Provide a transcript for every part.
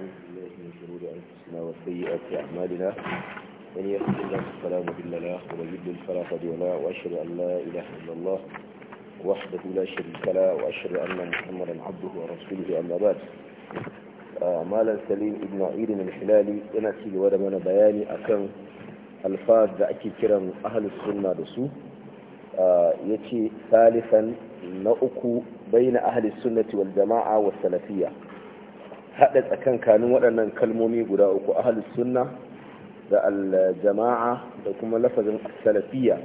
ونعوذ بالله من شرور أنفسنا وسيئات أعمالنا من يهد الله فلا مضل له ومن يضلل فلا هادي له وأشهد أن لا إله إلا الله وحده لا شريك له وأشهد أن محمدا عبده ورسوله أما بعد آه، مالا سليم ابن عيد الحلالي أنا سيدي ولا من بياني أكن ألفاظ ذاكي كرم أهل السنة دسو آه، يتي ثالثا نأكو بين أهل السنة والجماعة والسلفية haɗa tsakankanin waɗannan kalmomi guda uku ahalus sunna da aljama'a da kuma lafazin salafiya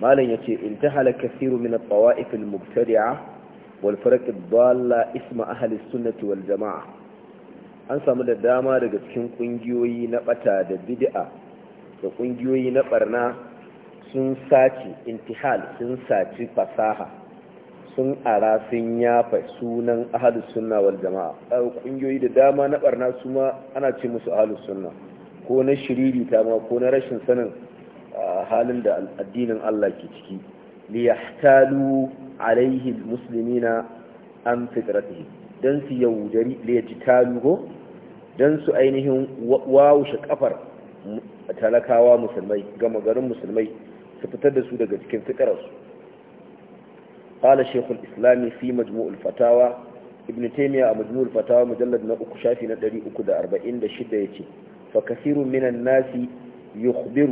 malam yace intahala kasiru min at-tawa'if mubtadia wal farq ad isma ahli sunnati wal jama'a an samu da dama daga cikin ƙungiyoyi na ɓata da bid'a da ƙungiyoyi na ɓarna sun saci intihal sun saci fasaha sun ara sun yafa sunan ahalus sunna wal jama'a ƙungiyoyi da dama na ɓarna su ma ana ce musu ahalus sunna ko na shiriri ta ma ko na rashin sanin halin da addinin Allah ke ciki li yahtalu alaihi muslimina an fitratihi dan su yaudari li yajtalu go dan su ainihin wawushe kafar talakawa musulmai gama garin musulmai su fitar da su daga cikin fikararsu قال شيخ الإسلام في مجموع الفتاوى ابن تيمية مجموع الفتاوى مجلد نأك شافي ندري أكد أربعين دشدة يتي فكثير من الناس يخبر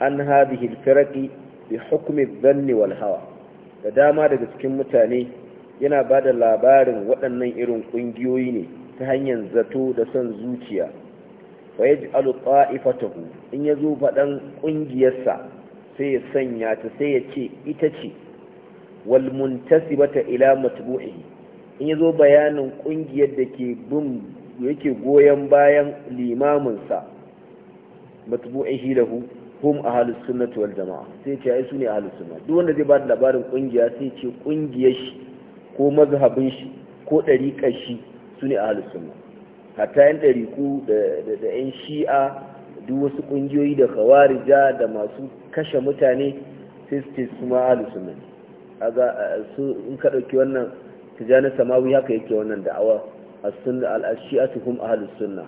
عن هذه الفرق بحكم الظن والهوى da dama daga cikin mutane yana ba da labarin waɗannan irin ƙungiyoyi ne ta hanyar zato da son zuciya wa ya ji alƙa'ifatahu in ya zo faɗan ƙungiyarsa sai ya sanya ta sai ya ce ita ce wal muntasibata ila matbu'ihi in yazo bayanin kungiyar da ke bin yake goyen bayan limamin sa matbu'ihi lahu hum ahlus sunnati wal jamaa sai ce ai a ahlus sunna duk wanda zai ba labarin kungiya sai ce kungiyar shi ko mazhabin shi ko dariƙar shi a ahlus sunna hatta yan dariku da yan shi'a duk wasu kungiyoyi da khawarija da masu kashe mutane sai su ce su ma ahlus sunna kaga su in ka dauki wannan tijani samawi haka yake wannan da'awa as-sunna al-shi'atu hum ahlus sunna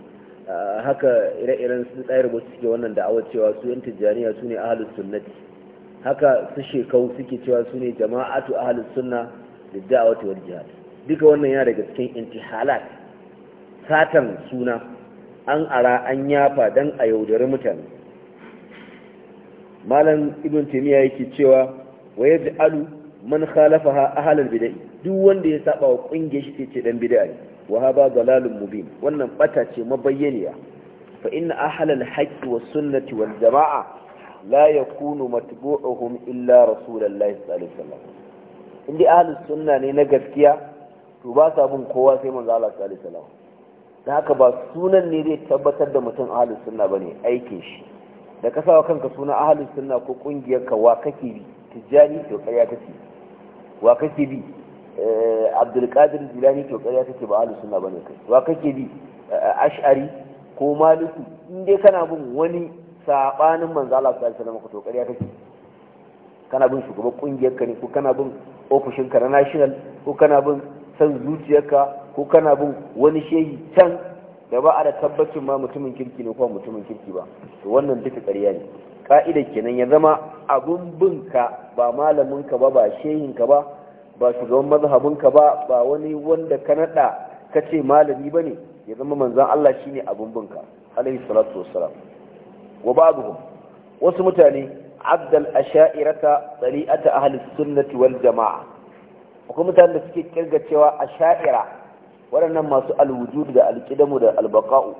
haka ire-iren su tsayar ba suke wannan da'awa cewa su yan tijaniya su ne ahlus sunnati haka su shekau suke cewa su ne jama'atu ahlus sunna da da'awati wal jihad duka wannan yana daga cikin intihalat satan suna an ara an yafa dan a yaudari mutane malam ibn timiya yake cewa wa yaj'alu man khalafaha ahlal bid'ah duk wanda ya saba wa kungiyar shi ce dan bid'a ne wa haba dalalun mubin wannan bata ce mabayyaniya fa inna ahlal haqq was sunnati wal jamaa la yakunu matbu'uhum illa rasulullahi sallallahu alaihi wasallam indi ahlus sunna ne na gaskiya to ba sa bin kowa sai manzo Allah sallallahu alaihi wasallam da haka ba sunan ne zai tabbatar da mutum ahlus sunna bane aikin shi da kasawa kanka suna ahlus sunna ko kungiyar ka wa kake bi tijjani to kariya kake wa kake bi qadir eh, jilani to kariya kake ba ahlus sunna bane kai wa kake bi eh, ash'ari ko maliku in dai kana bin wani sabanin manzo Allah sallallahu alaihi wasallam to kariya kake kana bin shugaban kungiyar ka ne ko kana bin ofishin ka na national ko kana bin san zuciyarka ko kana bin wani shehi can da ba a da tabbacin ma mutumin kirki ne ko mutumin kirki ba to wannan duka ƙarya ne ka'ida kenan ya zama abin binka ba malaminka ba ba shehinka ba ba shugaban mazhabinka ba ba wani wanda ka nada ka ce malami ba ne ya zama manzan Allah shine abun binka alaihi salatu wassalam wa ba'dhum wasu mutane abdal asha'irata tsari'ata ahli sunnati wal jama'a akwai mutane da suke kirga cewa asha'ira waɗannan masu alwujud da alqidamu da albaqa'u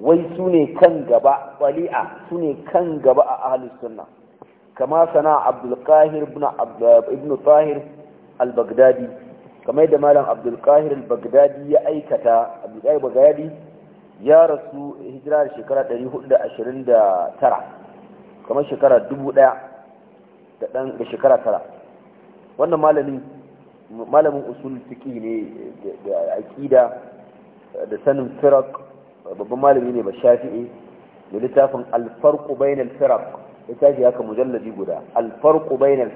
wai su ne kan gaba ƙwali'a su ne kan gaba a ahalus sunna kama sana abdulkahir ibn tahir al-baghdadi kamar yadda malam abdulkahir al-baghdadi ya aikata abdulkahir baghdadi ya rasu hijira da shekara 429 kamar shekara 1000 da shekara tara wannan malamin malamin usul fiqi ne da aƙida da sanin firak. babban malami ne ba shafi'i da littafin alfarku bainal ya tashi haka mujalladi guda alfarku bainal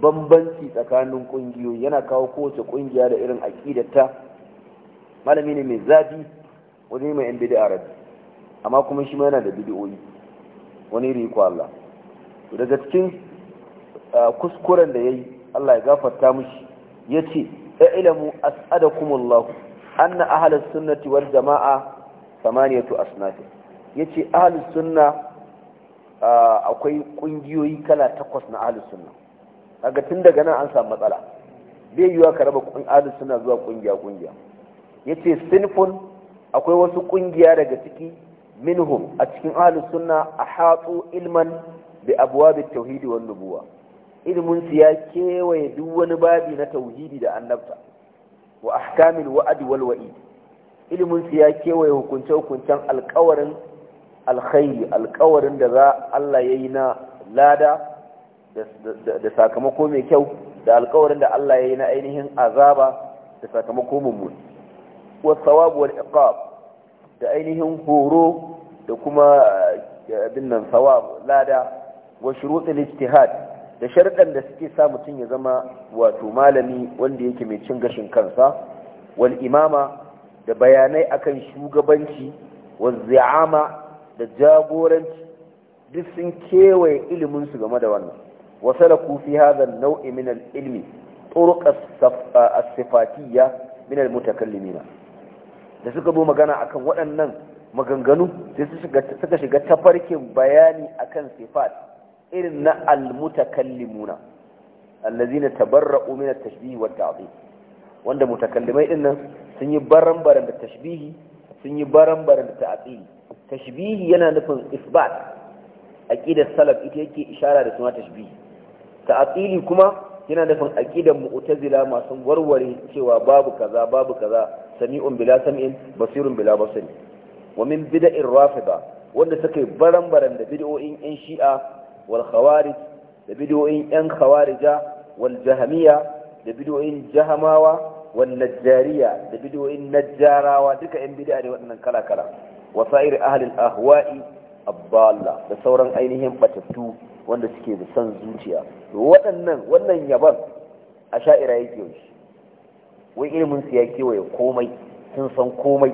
bambanci tsakanin kungiyoyi yana kawo kowace kungiya da irin aqidarta malami ne mai zafi wani mai yan bid'a rabbi amma kuma shi ma yana da bid'o'i wani riko Allah daga cikin kuskuren da yayi Allah ya gafarta mishi yace ilamu as'adakumullahu anna ahlus sunnati wal jama'a samaniyatu asnaf yace ahli sunna akwai kungiyoyi kala takwas na ahli sunna kaga tun daga nan an samu matsala bai yiwa ka raba kun ahli sunna zuwa kungiya kungiya yace sinfun akwai wasu kungiya daga ciki minhum a cikin suna sunna ahatu ilman bi abwab at tauhidi wan nubuwa ilmin su ya kewaye duk wani babi na tauhidi da annabta wa ahkamin wa'd wal wa'id ilminsu ya kewaye hukunce-hukuncen alkawarin alkhairi alkawarin da za Allah ya yi na lada da sakamako mai kyau da alkawarin da Allah ya yi na ainihin azaba da sakamako mummuni wasawabu wal iqab da ainihin horo da kuma eh, binnan nan lada wa shurutul ijtihad da sharɗan da suke sa mutum ya zama wato malami wanda yake mai cin gashin kansa wal imama da bayanai akan shugabanci wa zi'ama da jagoranci duk sun kewaye ilimin su game da wannan wasu fi hadha an-naw'i min al-ilmi turuq as-sifatiyya min al-mutakallimina da suka zo magana akan waɗannan maganganu sai suka shiga tafarkin bayani akan sifat irin na al-mutakallimuna allazina tabarra'u min at-tashbih wa at-ta'dil wanda mutakallimai dinnan sun yi baran-baran da tashbihi sun yi baran-baran da ta'atili tashbihi yana nufin isbat aqidar salaf ita yake ishara da suna tashbihi ta'atili kuma yana nufin aqidar mu'tazila masu warware cewa babu kaza babu kaza sami'un bila sam'in basirun bila basir wa min bid'ir rafida wanda suka yi baran-baran da bid'o'in yan shi'a wal khawarij da bid'o'in yan khawarija wal jahamiya da bid'o'in jahamawa Wannan najjariya da bidiyoyin najjarawa duka yan bida ne waɗannan kala kala wasair ahli ahwa'i abdalla da sauran ainihin batattu wanda suke da son zuciya waɗannan wannan yaban a sha'ira yake yau wai ilimin ya kewaye komai sun san komai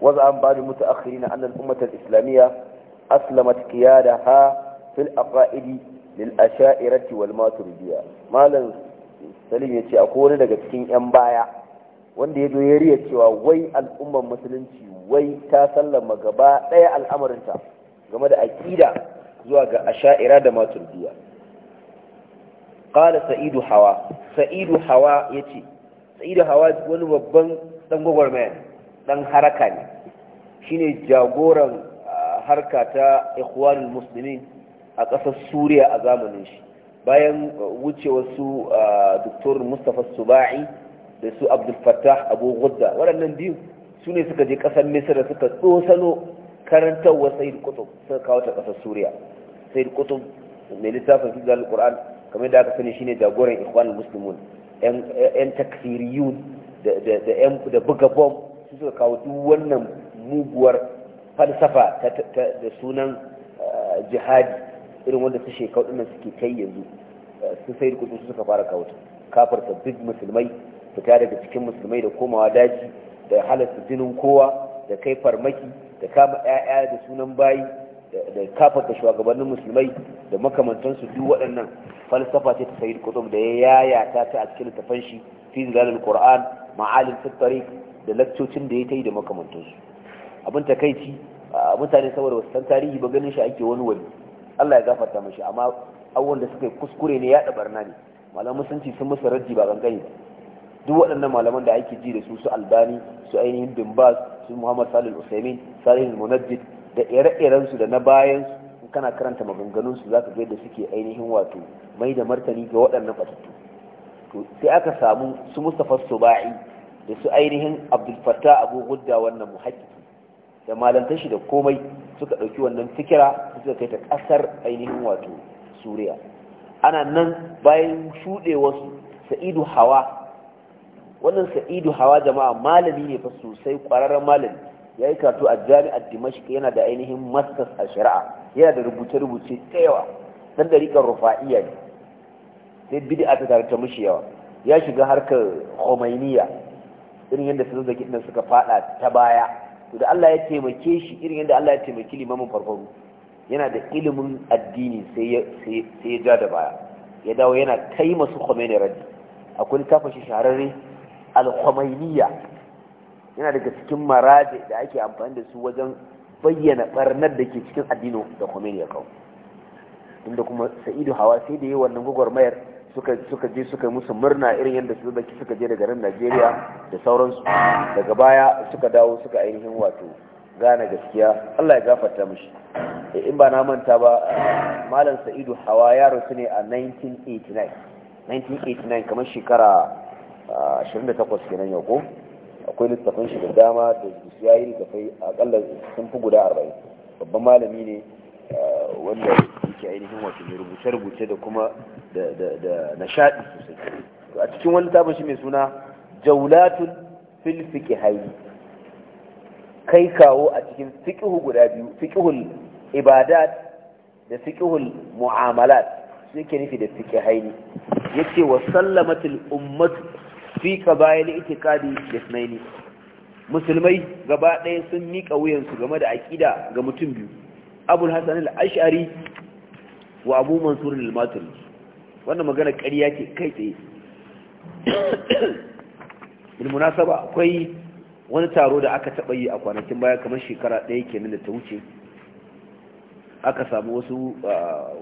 waza an bada mutu akhiri na annan ummatar islamiyya aslamat da ha fil aqaidi lil asha'irati wal maturidiya malam salim ya ce a wani daga cikin 'yan baya wanda ya zo ya riya cewa wai al'ummar musulunci wai ta sallama gaba ɗaya al'amarinta game da aƙida zuwa ga asha'ira da maturdiya ƙala sa'idu hawa sa'idu hawa ya ce sa'idu hawa wani babban ɗan mai ɗan haraka ne shi ne jagoran ah, harka ta ikhwanul musulmi a ƙasar suriya a zamanin shi bayan uh, wucewa su uh, doktor mustapha suba'i da su abdulfattah abu gudda waɗannan biyu su ne suka je ƙasar misir da suka tsosano karantarwa sayid kutub suka kawo ta ƙasar suriya sayid kutub mai littafin su zalar ƙur'an kamar da aka sani shine jagoran ikhwan musulmun yan takfiriyun da buga bom su suka kawo duk wannan muguwar falsafa da sunan uh, jihadi irin wanda su shekau ɗin suke kai yanzu su sayar su suka fara kawo kafarta duk musulmai fita daga cikin musulmai da komawa daji da halasta jinin kowa da kai farmaki da kama 'ya'ya da sunan bayi da kafarta shugabannin musulmai da makamantansu duk waɗannan falsafa ce ta sayar kudu da ya yayata ta a cikin littafan shi fi zilalul qur'an ma'alin tattari da lakcocin da ya ta yi da makamantansu abin takaici mutane saboda wasu san tarihi ba ganin shi ake wani wani Allah ya gafarta mashi amma abubuwan da suka yi kuskure ne ya barna ne malaman musulunci sun musu raji ba gangani ba duk waɗannan malaman da ake ji da su su albani su ainihin bin bas su muhammad salil usaimin salil munajjid da ire su da na bayan su kana karanta maganganunsu za ka ga yadda suke ainihin wato mai da martani ga waɗannan batattu to sai aka samu su mustafa suba'i da su ainihin abdul fattah abu gudda wannan muhakkiki da malantar da komai suka ɗauki wannan fikira suka kai ta ƙasar ainihin wato suriya ana nan bayan shuɗe sa'idu hawa wannan sa'idu hawa jama'a malami ne fa sosai ƙwararren malami ya yi karatu a jami'ar dimashik yana da ainihin masters a shari'a yana da rubuce-rubuce ta yawa dan riƙar rufa'iya ne sai bid'a ta tare ta mushi yawa ya shiga harkar homainiya irin yadda su zaki ɗin suka faɗa ta baya to da Allah ya taimake shi irin yadda Allah ya taimaki limamin farfaru yana da ilimin addini sai ya ja da baya ya dawo yana kai masu Khomeini raddi akwai littafin shi shahararre al-Khomeiniya yana daga cikin maraji da ake amfani da su wajen bayyana ɓarnar da ke cikin addinin da Khomeini ya kawo inda kuma Sa'idu Hawa sai da yi wannan gwagwarmayar suka je suka musu murna irin yadda su zaki suka je daga nan Najeriya da sauransu daga baya suka dawo suka ainihin wato gane gaskiya Allah ya gafarta mishi eh, in ba na manta ba malam Sa'idu Hawa ya rasu ne a 1989 1989 kamar shekara 28 ah, kenan yau ko akwai littafin shi da dama da ya yi littafai akalla sun fi guda 40 babban malami ne ah, wanda suke ainihin wato mai rubuce-rubuce da kuma da nishaɗi sosai a cikin wani tabin shi mai suna jaulatun fil haini. kai kawo a cikin fiqhu guda biyu fiqhul ibadat da fiqhul mu'amalat yake nufi da Ya yace wa sallamatul ummatu fi qabail da lisnaini musulmai gaba ɗaya sun miƙa wuyansu game da aƙida ga mutum biyu abul hasan al-ash'ari wa abu mansur al wannan magana ƙarya ce kai tsaye bilmunasaba akwai wani taro da aka taɓa yi a kwanakin baya kamar shekara ɗaya kenan da ta wuce aka samu wasu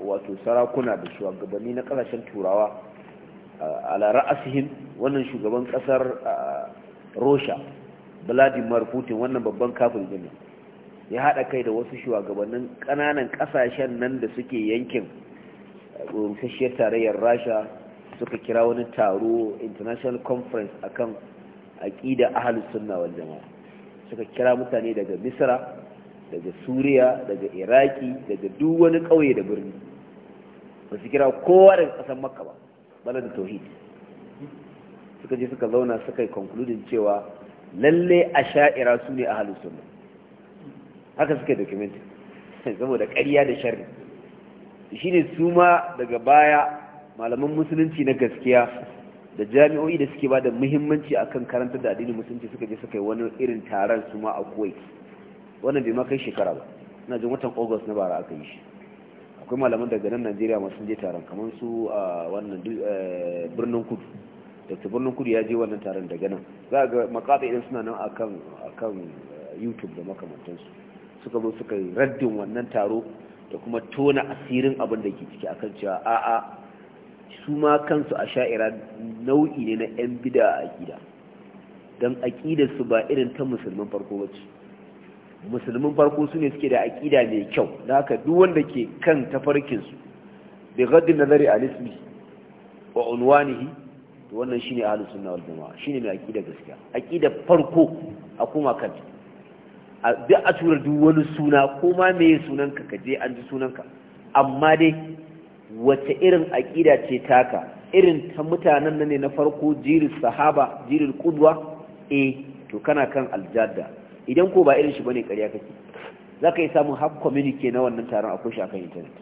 wato sarakuna da shugabanni na ƙasashen turawa a lara wannan shugaban ƙasar rosha vladimir putin wannan babban kafin jami'a ya haɗa kai da wasu shugabannin ƙananan ƙasashen nan da suke yankin rusasshiyar tarayyar rasha suka kira wani taro international conference akan aƙida ahalus suna wal jama'a suka kira mutane daga misra daga suriya daga iraki daga duk wani ƙauye da birni ba su kira kowa daga ƙasar makka ba bala da tauhid suka je suka zauna suka yi concluding cewa lalle a sha'ira su ne ahalus suna haka suke dokumenti saboda ƙarya da da shi ne su ma daga baya malaman musulunci na gaskiya da jami'o'i da suke ba da muhimmanci akan karanta da addinin musulunci suka je suka yi wani irin taron su ma a kuwai wannan bai ma shekara ba na jin watan august na bara aka yi shi akwai malaman daga nan najeriya masu je taron kamar su a wannan eh, birnin kudu dr birnin kudu ya je wannan taron daga nan za a ga makaɗa idan suna nan akan eh, youtube da makamantansu suka zo suka yi raddin wannan taro da kuma tona asirin abin da ke ciki a kan cewa a'a su ma kansu a sha'ira nau'i ne na 'yan bida a aƙida don aƙidarsu ba irin ta musulmin farko wacce musulman farko su ne suke da aƙida mai kyau da haka duk wanda ke kan tafarkinsu bai gaddin nazari a lismi wa unwanihi to wannan shine ne sunna wal jamaa shine mai aƙida gaskiya aƙida farko a kuma kanta duk a tura duk wani suna ko ma me sunanka ka je an ji sunanka amma dai wace irin aƙida ce taka irin ta mutanen nan ne na farko jirin sahaba jirin kudwa eh to kana kan aljadda idan ko ba irin shi bane ƙarya kake za ka yi samun har communique na wannan taron akwai shi akan internet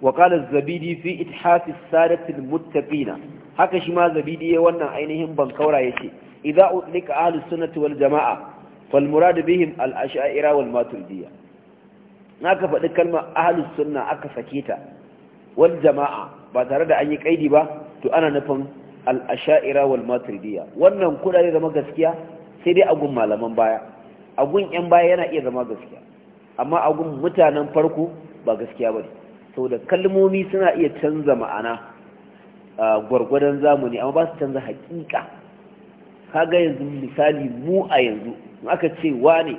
wa qala zabidi fi ithasi sadati almuttaqina haka shi ma zabidi ya wannan ainihin bankaura yace idza utlika ahlus sunnati wal jamaa falmuradu bihim al'asha'ira wal Maturdiya. na ka faɗi kalmar ahalus sunna aka sake ta Wani jama'a ba tare da an yi ƙaidi ba to ana nufin al'asha'ira wal Maturdiya. wannan kuɗa ne zama gaskiya sai dai agun malaman baya agun yan baya yana iya zama gaskiya amma agun mutanen farko ba gaskiya ba ne saboda kalmomi suna iya canza ma'ana gwargwadon zamani amma ba su canza hakika kaga yanzu misali mu a yanzu aka ce wane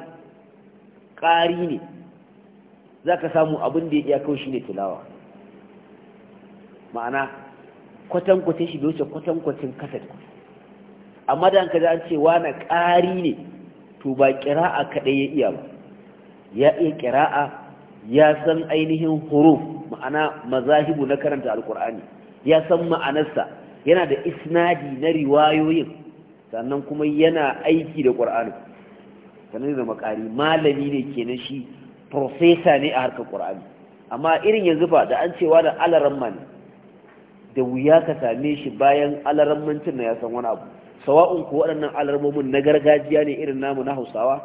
ƙari ne za ka samu abin da ya kawo shi ne tilawa ma'ana kwatankwacin shi bai kwatankwacin kasar amma da ka an ce wane ƙari ne to ba ƙira'a kaɗai ya iya ba ya iya ƙira'a ya san ainihin huruf ma'ana mazahibu na karanta alkur'ani ya san ma'anarsa yana da isnadi na riwayoyin sannan kuma yana aiki da ƙur'ani sanar da makari malami ne kenan shi profesa ne a harkar Kur'ani. amma irin yanzu fa da an cewa da alaramma da wuya ka same shi bayan alarammancin na ya san wani abu sawa'un ko waɗannan alarmomin na gargajiya ne irin namu na hausawa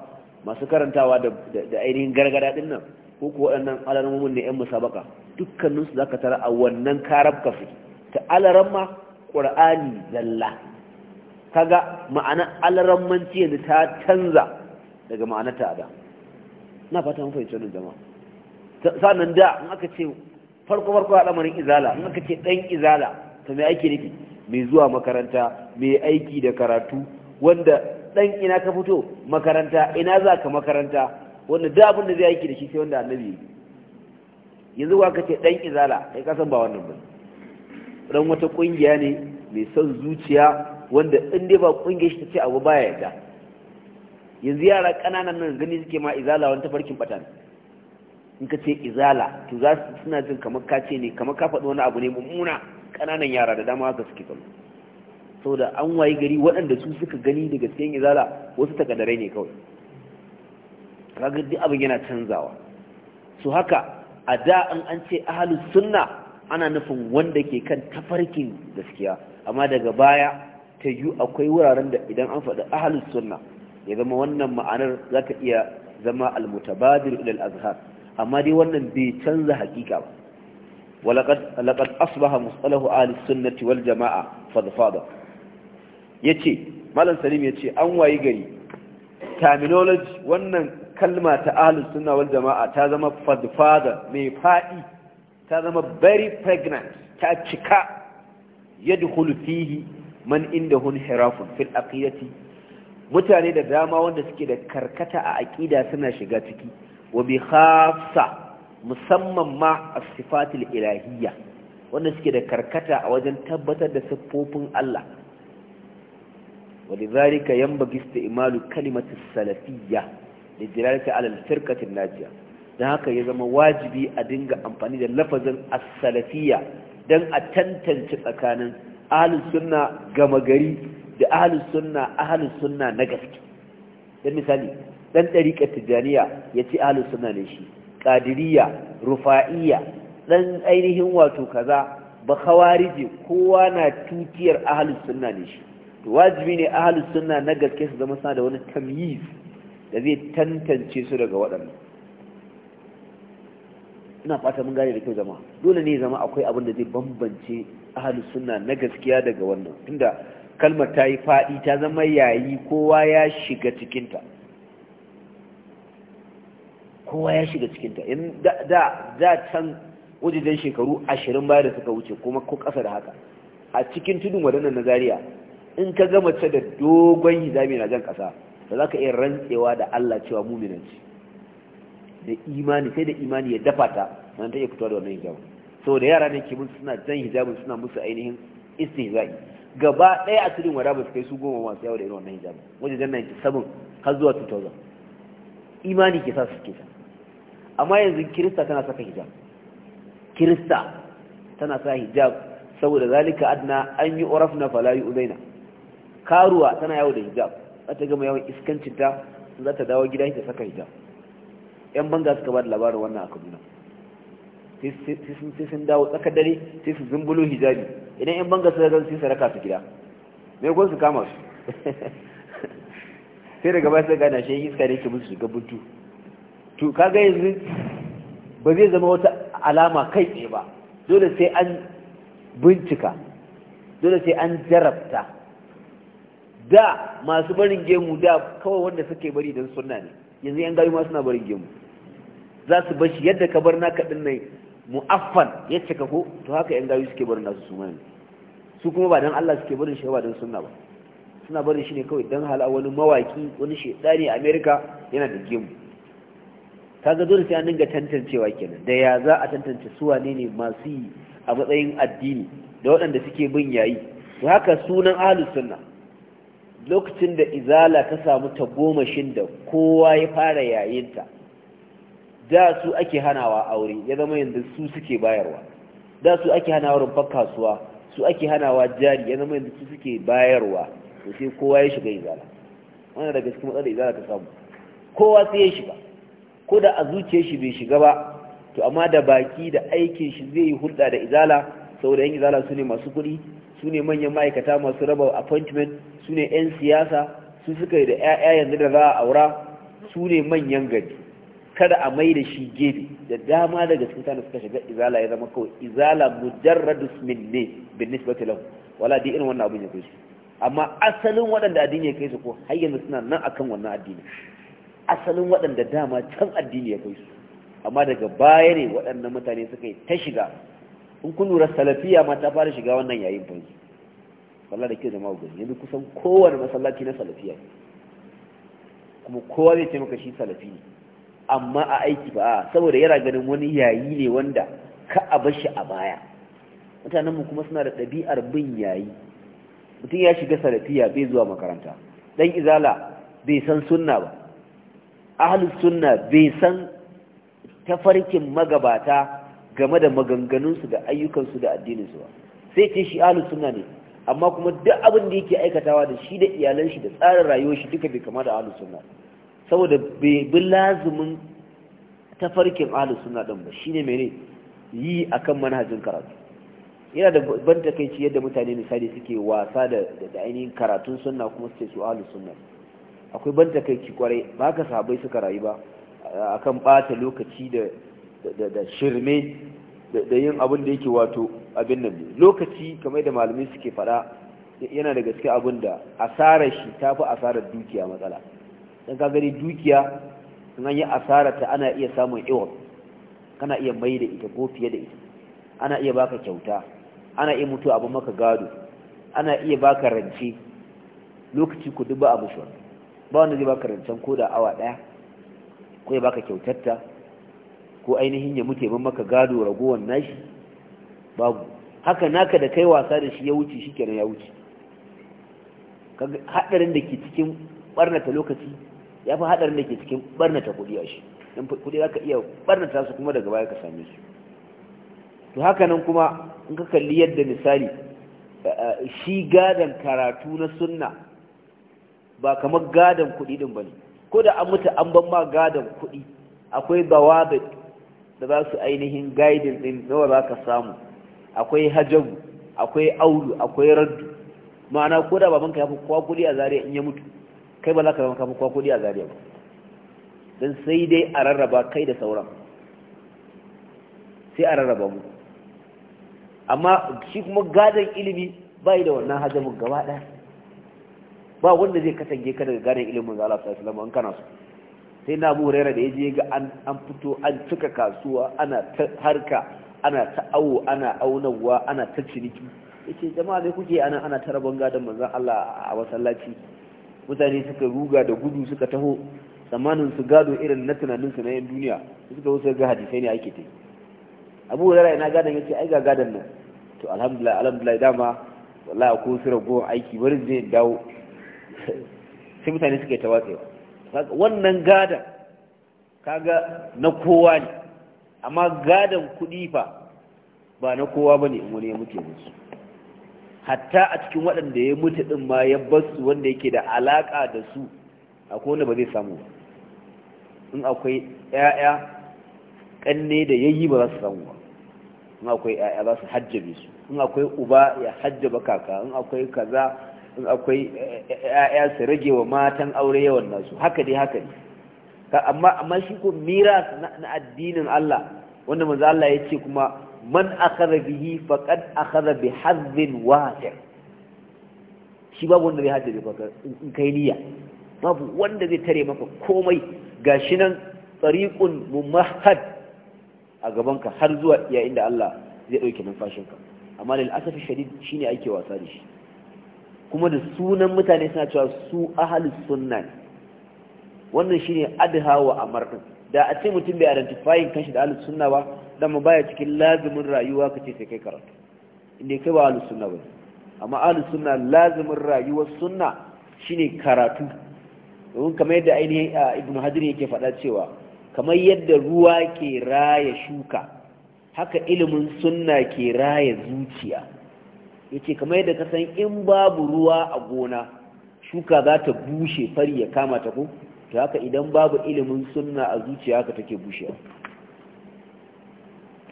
masu karantawa da ainihin gargada ɗin nan ko ko waɗannan alarmomin na 'yan musabaka dukkaninsu za ka tara a wannan karab kafi ta alaramma ƙur'ani zalla kaga ma'ana alarammanci yanzu ta canza daga ma'anarta a da na fata mafi fahimci nan jama'a sannan da in aka ce farko farko a lamarin izala in aka ce dan izala ta mai aiki nufi mai zuwa makaranta mai aiki da karatu wanda dan ina ka fito makaranta ina za ka makaranta wanda da abin da zai aiki da shi sai wanda annabi yanzu ba ka ce dan izala kai kasan ba wannan ba dan wata kungiya ne mai son zuciya wanda in dai ba kungiya shi ta ce abu baya yadda yanzu yara ƙananan nan gani suke ma izala wani tafarkin batan in ka ce izala to za su suna jin kamar ka ce ne kamar ka faɗi wani abu ne mummuna ƙananan yara da dama haka suke kallo saboda an wayi gari waɗanda su suka gani daga cikin izala wasu takadarai ne kawai kaga duk abin yana canzawa su haka a da an an ce ahalu sunna ana nufin wanda ke kan tafarkin gaskiya amma daga baya ta yi akwai wuraren da idan an faɗi ahalu sunna ya zama wannan ma'anar za ta iya zama almutabadir ilal azhar amma dai wannan bai canza hakika ba ولقد أصبح مصطلح آل السنة والجماعة فضفاضة يتي مالا سليم an أنوى gari. terminology wannan kalma ta ahli sunna wal jama'a ta zama fadfada mai fadi ta zama very pregnant ta cika yadkhulu fihi man indahu hirafun fil aqidati mutane da dama wanda suke da karkata a aƙida suna shiga ciki wa bi musamman ma a sifatul ilahiyya wanda suke da karkata a wajen tabbatar da siffofin Allah walizalika yanbaghi istimalu kalimatu salafiyya li dilalati ala al-firqati an-najiya haka ya zama wajibi a dinga amfani da lafazin asalafiyya salafiyya dan a tantance tsakanin ahlus sunna gama gari da ahalus sunna ahalus sunna na gaske dan misali dan ɗariƙar tijjaniya ya ce ahalus sunna ne shi ƙadiriya rufa'iya, dan ainihin wato kaza ba khawarije kowa na tutiyar ahalus sunna ne shi to wajibi ne ahalus sunna na gaske su zama suna da wani tamyiz da zai tantance su daga waɗannan ina fata mun gane da kyau zama dole ne zama akwai abin da zai bambance ahalus sunna na gaskiya daga wannan tunda kalmar ta yi faɗi ta zama yayi kowa ya shiga cikinta kowa ya shiga cikinta in da da can wajen shekaru ashirin baya da suka wuce kuma ko ƙasa da haka a cikin tudun wadannan na zariya in ka gama ce da dogon hijabi na jan ƙasa da za ka iya rantsewa da Allah cewa muminanci da imani sai da imani ya dafa ta nan ta iya fitowa da wannan hijabin saboda yara ne ke mun suna jan hijabin suna musu ainihin istihza'i gaba ɗaya a cikin wada ba su kai su goma masu yau da irin wannan hijabi wajen jan 97 har zuwa 2000 imani ke sa su ke sa amma yanzu kirista tana saka hijab kirista tana sa hijab saboda zalika adna an yi oraf na falayi uzaina karuwa tana yawo da hijab za ta gama yawan iskancinta za ta dawo gida ta saka hijab yan banga suka ba da labarin wannan a kaduna sai sun dawo tsakar dare sai su zumbulo hijabi idan yan banga suka gan su saraka su gida me ko su kama su sai daga bai sai gane shi iska ne ke musu shiga buntu to kaga yanzu ba zai zama wata alama kai tsaye ba dole sai an bincika dole sai an jarabta da masu barin gemu da kawai wanda suke bari don sunna ne yanzu yan gari ma suna barin gemu za su bashi, yadda ka bar naka din nan mu'affan ya cika ko to haka yan gayu suke barin nasu suma su kuma ba dan Allah suke barin shi ba dan sunna ba suna barin shi ne kawai dan hala wani mawaki wani shedani a America yana da gemu kaga dole sai an dinga tantancewa kenan da ya za a tantance su wane ne masu yi a matsayin addini da waɗanda suke bin yayi to haka sunan ahlus sunna lokacin da izala ta samu tagomashin da kowa ya fara yayinta da su ake hanawa aure ya zama yanzu su suke bayarwa da su ake hanawa rumfar kasuwa su ake hanawa jari ya zama yanzu su suke bayarwa to sai kowa ya shiga izala wannan daga cikin matsalar izala ta samu kowa sai ya shiga ko da a zuciyar shi bai shiga ba to amma da baki da aikin shi zai yi hulɗa da izala saboda yan izala su ne masu kuɗi su ne manyan ma'aikata masu raba appointment su ne 'yan siyasa su suka yi da 'ya'ya yanzu da za a aura su ne manyan gari kada a mai da shi gefe da dama daga cikin tana suka shiga izala ya zama kawai izala mujarradu min ne bin nisbati lahu wala da irin wannan abin ya kai su amma asalin waɗanda addini ya kai su ko har yanzu suna nan akan wannan addini asalin waɗanda dama can addini ya kai su amma daga baya ne waɗannan mutane suka yi ta shiga in kun lura salafiya ma ta fara shiga wannan yayin fanki wallah da kyau jama'a gani yanzu kusan kowane masallaci na salafiya kuma kowa zai ce maka shi salafi ne amma a aiki ba saboda yana ganin wani yayi ne wanda ka a bashi a baya mutanenmu kuma suna da ɗabi'ar bin yayi mutum ya shiga sarafiya bai zuwa makaranta dan izala bai san sunna ba ahlus sunna bai san tafarkin magabata game da maganganunsu da ayyukansu da addininsu ba sai ce shi ahlus sunna ne amma kuma duk abin da yake aikatawa da shi da iyalan shi da tsarin rayuwar shi duka bai kama da ahlus sunna ba saboda bai bi lazumin tafarkin ahlus sunna din ba shine mene yi akan manhajin karatu yana da ban takaici yadda mutane misali suke wasa da da ainihin karatun sunna kuma suke su ahlus sunna akwai ban takeici kwarai ba ka sahabbai suka rayu ba kan bata lokaci da shirme da yin abin da yake wato abin nan lokaci kamar da malamai suke fada yana da gaske abin da asarar shi tafi asarar dukiya matsala don ka gani dukiya in an yi asararta ana iya samun iwon kana iya mai da ita ko fiye da ita ana iya baka kyauta ana iya mutu abin maka gado ana iya baka rance lokaci ku duba abu shi ba wanda zai baka rancen ko da awa daya ko ya baka kyautatta ko ainihin ya mutu abin maka gado ragowar nashi babu haka naka da kai wasa da shi ya wuce shi kenan ya wuce haɗarin da ke cikin ɓarnata lokaci ya fi haɗarin da ke cikin barnata kuɗi a shi in kuɗi za ka iya barnata su kuma daga baya ka same su to hakanan kuma in ka kalli yadda misali shi gadon karatu na sunna ba kamar gadon kuɗi ɗin ba ne ko da an mutu an ban ma gadon kuɗi akwai bawabit da za su ainihin gaidin ɗin nawa za ka samu akwai hajabu akwai auru akwai raddu ma'ana ko da babanka ya fi kowa kuɗi a zariya in ya mutu kai ba za ka zama kafin kwa kudi a zariya ba don sai dai a rarraba kai da sauran sai a rarraba mu amma shi kuma gadon ilimi ba yi da wannan hajjamin gaba ɗaya ba wanda zai katange ka daga gadon ilimin za Allah sallallahu alaihi kana su sai na abu rera da ya je ga an fito an cika kasuwa ana ta harka ana ta awo ana aunawa ana ta ciniki yace jama'a zai kuke ana ana ta rabon gadon manzan Allah a masallaci mutane suka ruga da gudu suka taho tsammanin su gado irin na tunanin su na yan duniya suka wasu ga hadisai ne ake ta abu da na gadon yace ai ga gadon nan to alhamdulillah alhamdulillah dama wallahi akwai su ragowar aiki bari zai dawo sai mutane suka yi tawatsewa wannan gadon kaga na kowa ne amma gadon kudi fa ba na kowa bane in wani ya mutu ya mutu hatta a cikin waɗanda ya mutu ɗin ma ya basu wanda yake da alaƙa da su a wanda ba zai samu in akwai ƴaƴa ƙanne da yayi ba za su samu ba in akwai ƴaƴa za su hajjabe su in akwai uba ya hajjaba kaka in akwai kaza in akwai ƴaƴa su rage wa matan aure yawan nasu haka dai haka ne amma amma shi ko miras na addinin Allah wanda manzo Allah ya ce kuma man akhara bihi faqad akhara bi hazzin wasi' shi babu wanda zai haddace baka in kai niyya babu wanda zai tare maka komai gashi nan tsariƙun mumahad a gaban ka har zuwa yayin da Allah zai ɗauke ka, amma da asafi shadid shine ne ake wasa da shi kuma da sunan mutane suna cewa su ahalus sunna ne wannan shi ne adha wa amar da a ce mutum bai identifying kanshi da ahalus sunna ba dama baya cikin lazimin rayuwa kace sai kai karatu inda kai ba ahlus sunna ba amma ahlus sunna lazimin rayuwar sunna shine karatu don kamar yadda ainihin ibn hadir yake faɗa cewa kamar yadda ruwa ke raya shuka haka ilimin sunna ke raya zuciya yace kamar yadda ka san in babu ruwa a gona shuka za ta bushe fari ya kama ta ko to haka idan babu ilimin sunna a zuciya haka take bushewa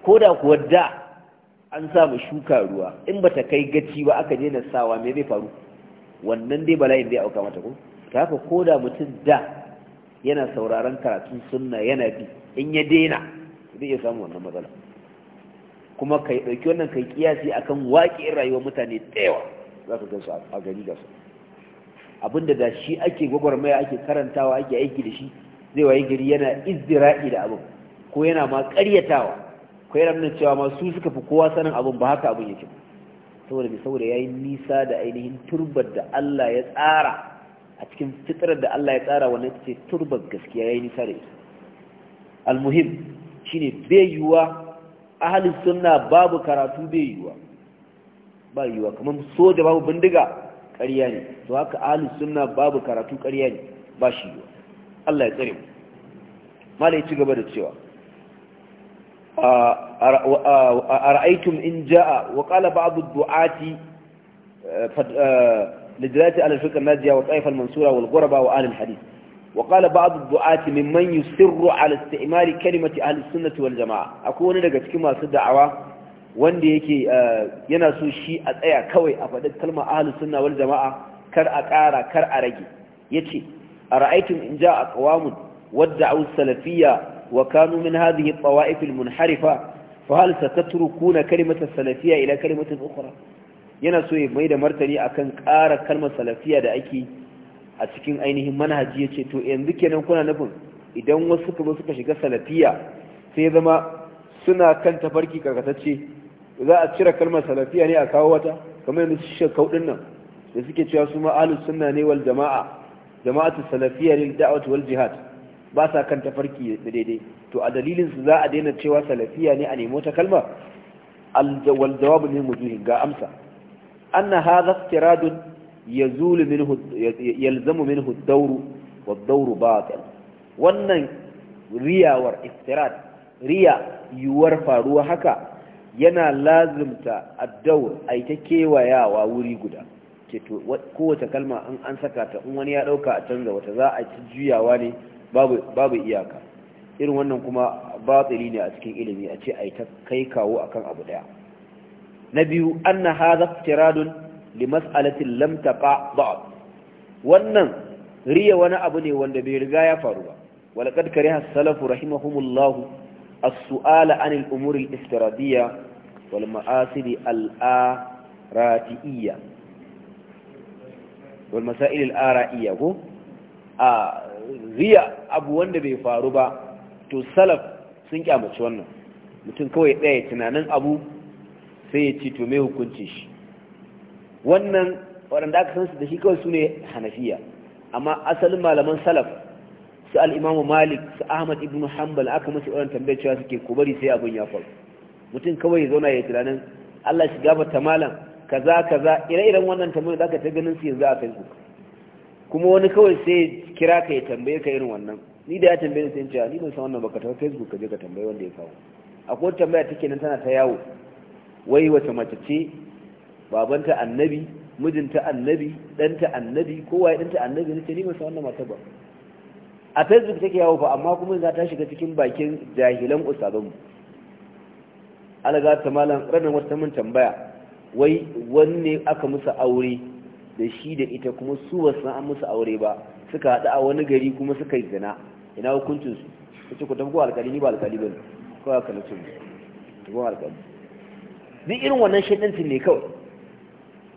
ko da kuwa da an samu shuka ruwa in ba ta kai gaci ba aka daina sawa mai, zai faru wannan dai bala'in zai auka mata ko ta haka ko da mutum da yana sauraron karatun sunna yana bi in ya daina zai iya samu wannan matsala kuma ka ɗauki wannan kai kiyasi akan waƙiyar rayuwar mutane tsewa za ka gansu a gari gasu abinda da shi ake gwagwarmaya ake karantawa ake aiki da shi zai waye gari yana izdira'i da abin ko yana ma ƙaryatawa kai yana nuna cewa masu su suka fi kowa sanin abin ba haka abin yake saboda mai saboda yi nisa da ainihin turbar da Allah ya tsara a cikin fitrar da Allah ya tsara wannan ce turbar gaskiya yi nisa da ita almuhim shine bai yiwuwa ahalin sunna babu karatu bai yiwuwa ba yiwuwa kamar soja babu bindiga ƙarya ne to haka ahalin sunna babu karatu ƙarya ne ba shi yiwuwa Allah ya tsare mu malai ci gaba da cewa ara'aytum in jaa wa qala ba'd ad-du'ati lidalati al-fiqh an-najiyah wa taif al-mansura wal ghuraba wa ahli al-hadith wa qala ba'd ad-du'ati mimman yusirru ala isti'mali kalimati ahli akwai ne daga cikin masu da'awa wanda yake yana so shi a tsaya kawai a faɗin kalmar ahli sunna jama'a kar a ƙara kar a rage yace ara'aytum in jaa aqwamun wad da'u salafiyya وكانوا من هذه الطوائف المنحرفة فهل ستتركون كلمة السلفية إلى كلمة أخرى yana so ya bai da martani akan kara kalmar salafiya da ake a cikin ainihin manhaji ya ce to yanzu kenan kuna nufin idan wasu suka shiga salafiya sai zama suna kan tafarki karkatacce za a cire kalmar salafiya ne a kawo wata kamar yanzu su shekau nan da suke cewa su ma ahlus sunna ne wal jama'a jama'atu salafiyya lil da'wati wal jihad ba sa kan tafarki da daidai to a dalilin su za a daina cewa salafiya ne a nemo ta kalma wal jawabu ne wujuhin ga amsa anna hadha iftiradun yazulu minhu yalzamu minhu ad-dawru wad-dawru batil wannan riyawar iftirad riya yuwar faruwa haka yana lazimta ad-dawr ai ta kewayawa wuri guda ce to kowace kalma an an saka ta in wani ya dauka a canza wata za a ci juyawa ne babu iyaka irin wannan kuma batsili ne a cikin ilimi a ce a yi ta kai kawo akan abu daya na biyu an na haza tiradun limas'alatin lamtaka ba'ad wannan riya wani abu ne wanda bai riga ya faru ba walakad kare salafu rahimahumullahu a suala anil umuril istiradiyya wal ma'asiri al wal masail al ko a riya abu wanda bai faru ba to salaf sun kyamaci wannan mutum kawai ɗaya tunanin abu sai ya ci to mai hukunci shi wannan waɗanda aka san su da shi kawai su ne hanafiya amma asalin malaman salaf su al'imamu malik su ahmad ibn hanbal aka masu waɗanda tambayar cewa suke ko bari sai abin ya faru mutum kawai ya zauna ya tunanin allah shi ba ta malam kaza kaza ire-iren wannan tambayar da aka ta ganin su yanzu a facebook kuma wani kawai sai kira ka ya tambaye ka irin wannan ni da ya tambaye sai ce ah, ni ban san wannan baka ta facebook ka je ka tambaye wanda ya kawo akwai tambaya take nan tana ta yawo wai wata mace ce babanta annabi mijinta annabi danta annabi kowa ya danta annabi ne ce ni ban san wannan mata ba a facebook take yawo fa amma kuma za ta shiga cikin bakin jahilan usabanmu alaga ta malam ranar wata mun tambaya wai wanne aka musa aure da shi da ita kuma su ba su an musu aure ba suka haɗu a wani gari kuma suka yi zina ina hukuncin su ce ku tafi ko alƙali ni ba alƙali bane ko aka nace ku ko alƙali duk irin wannan shaidancin ne kawai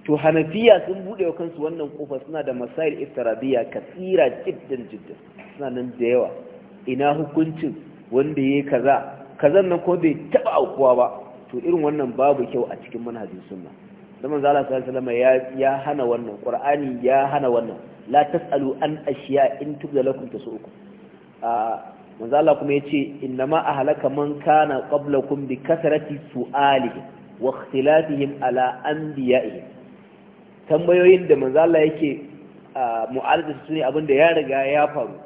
to hanafiya sun bude wa kansu wannan kofa suna da masail iftiradiya kasira jiddan jiddan suna nan da yawa ina hukuncin wanda yi kaza kazan nan ko bai taba aukuwa ba to irin wannan babu kyau a cikin manhajin sunna da manzo Allah sallallahu ya hana wannan qur'ani ya hana wannan la tasalu an ashiya in tubda lakum tasuku manzo Allah kuma yace a ahlaka man kana qablakum bi kasrati suali wa ikhtilafihim ala anbiya'ihim tambayoyin da manzo Allah yake mu'alaja su ne abinda ya riga ya faru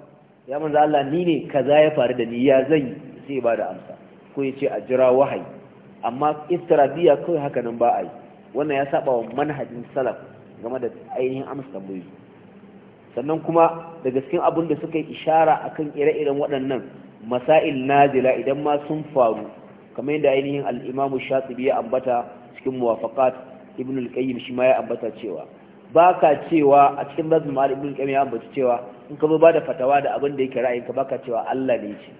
ya manzo ni ne kaza ya faru da ni ya zan sai ba da amsa ko yace a jira wahayi amma istirabiya kawai haka nan ba a yi wannan ya saba wa manhajin salaf game da ainihin amsa tambayoyi sannan kuma daga cikin abin da suka yi ishara akan ire-iren waɗannan masail nazila idan ma sun faru kamar yadda ainihin al-Imam Shatibi ya ambata cikin muwafaqat Ibn al-Qayyim shi ma ya ambata cewa baka cewa a cikin Bazm al Ibn al-Qayyim ya ambata cewa in ka zo bada fatawa da abin da yake ra'ayinka baka cewa Allah ne ce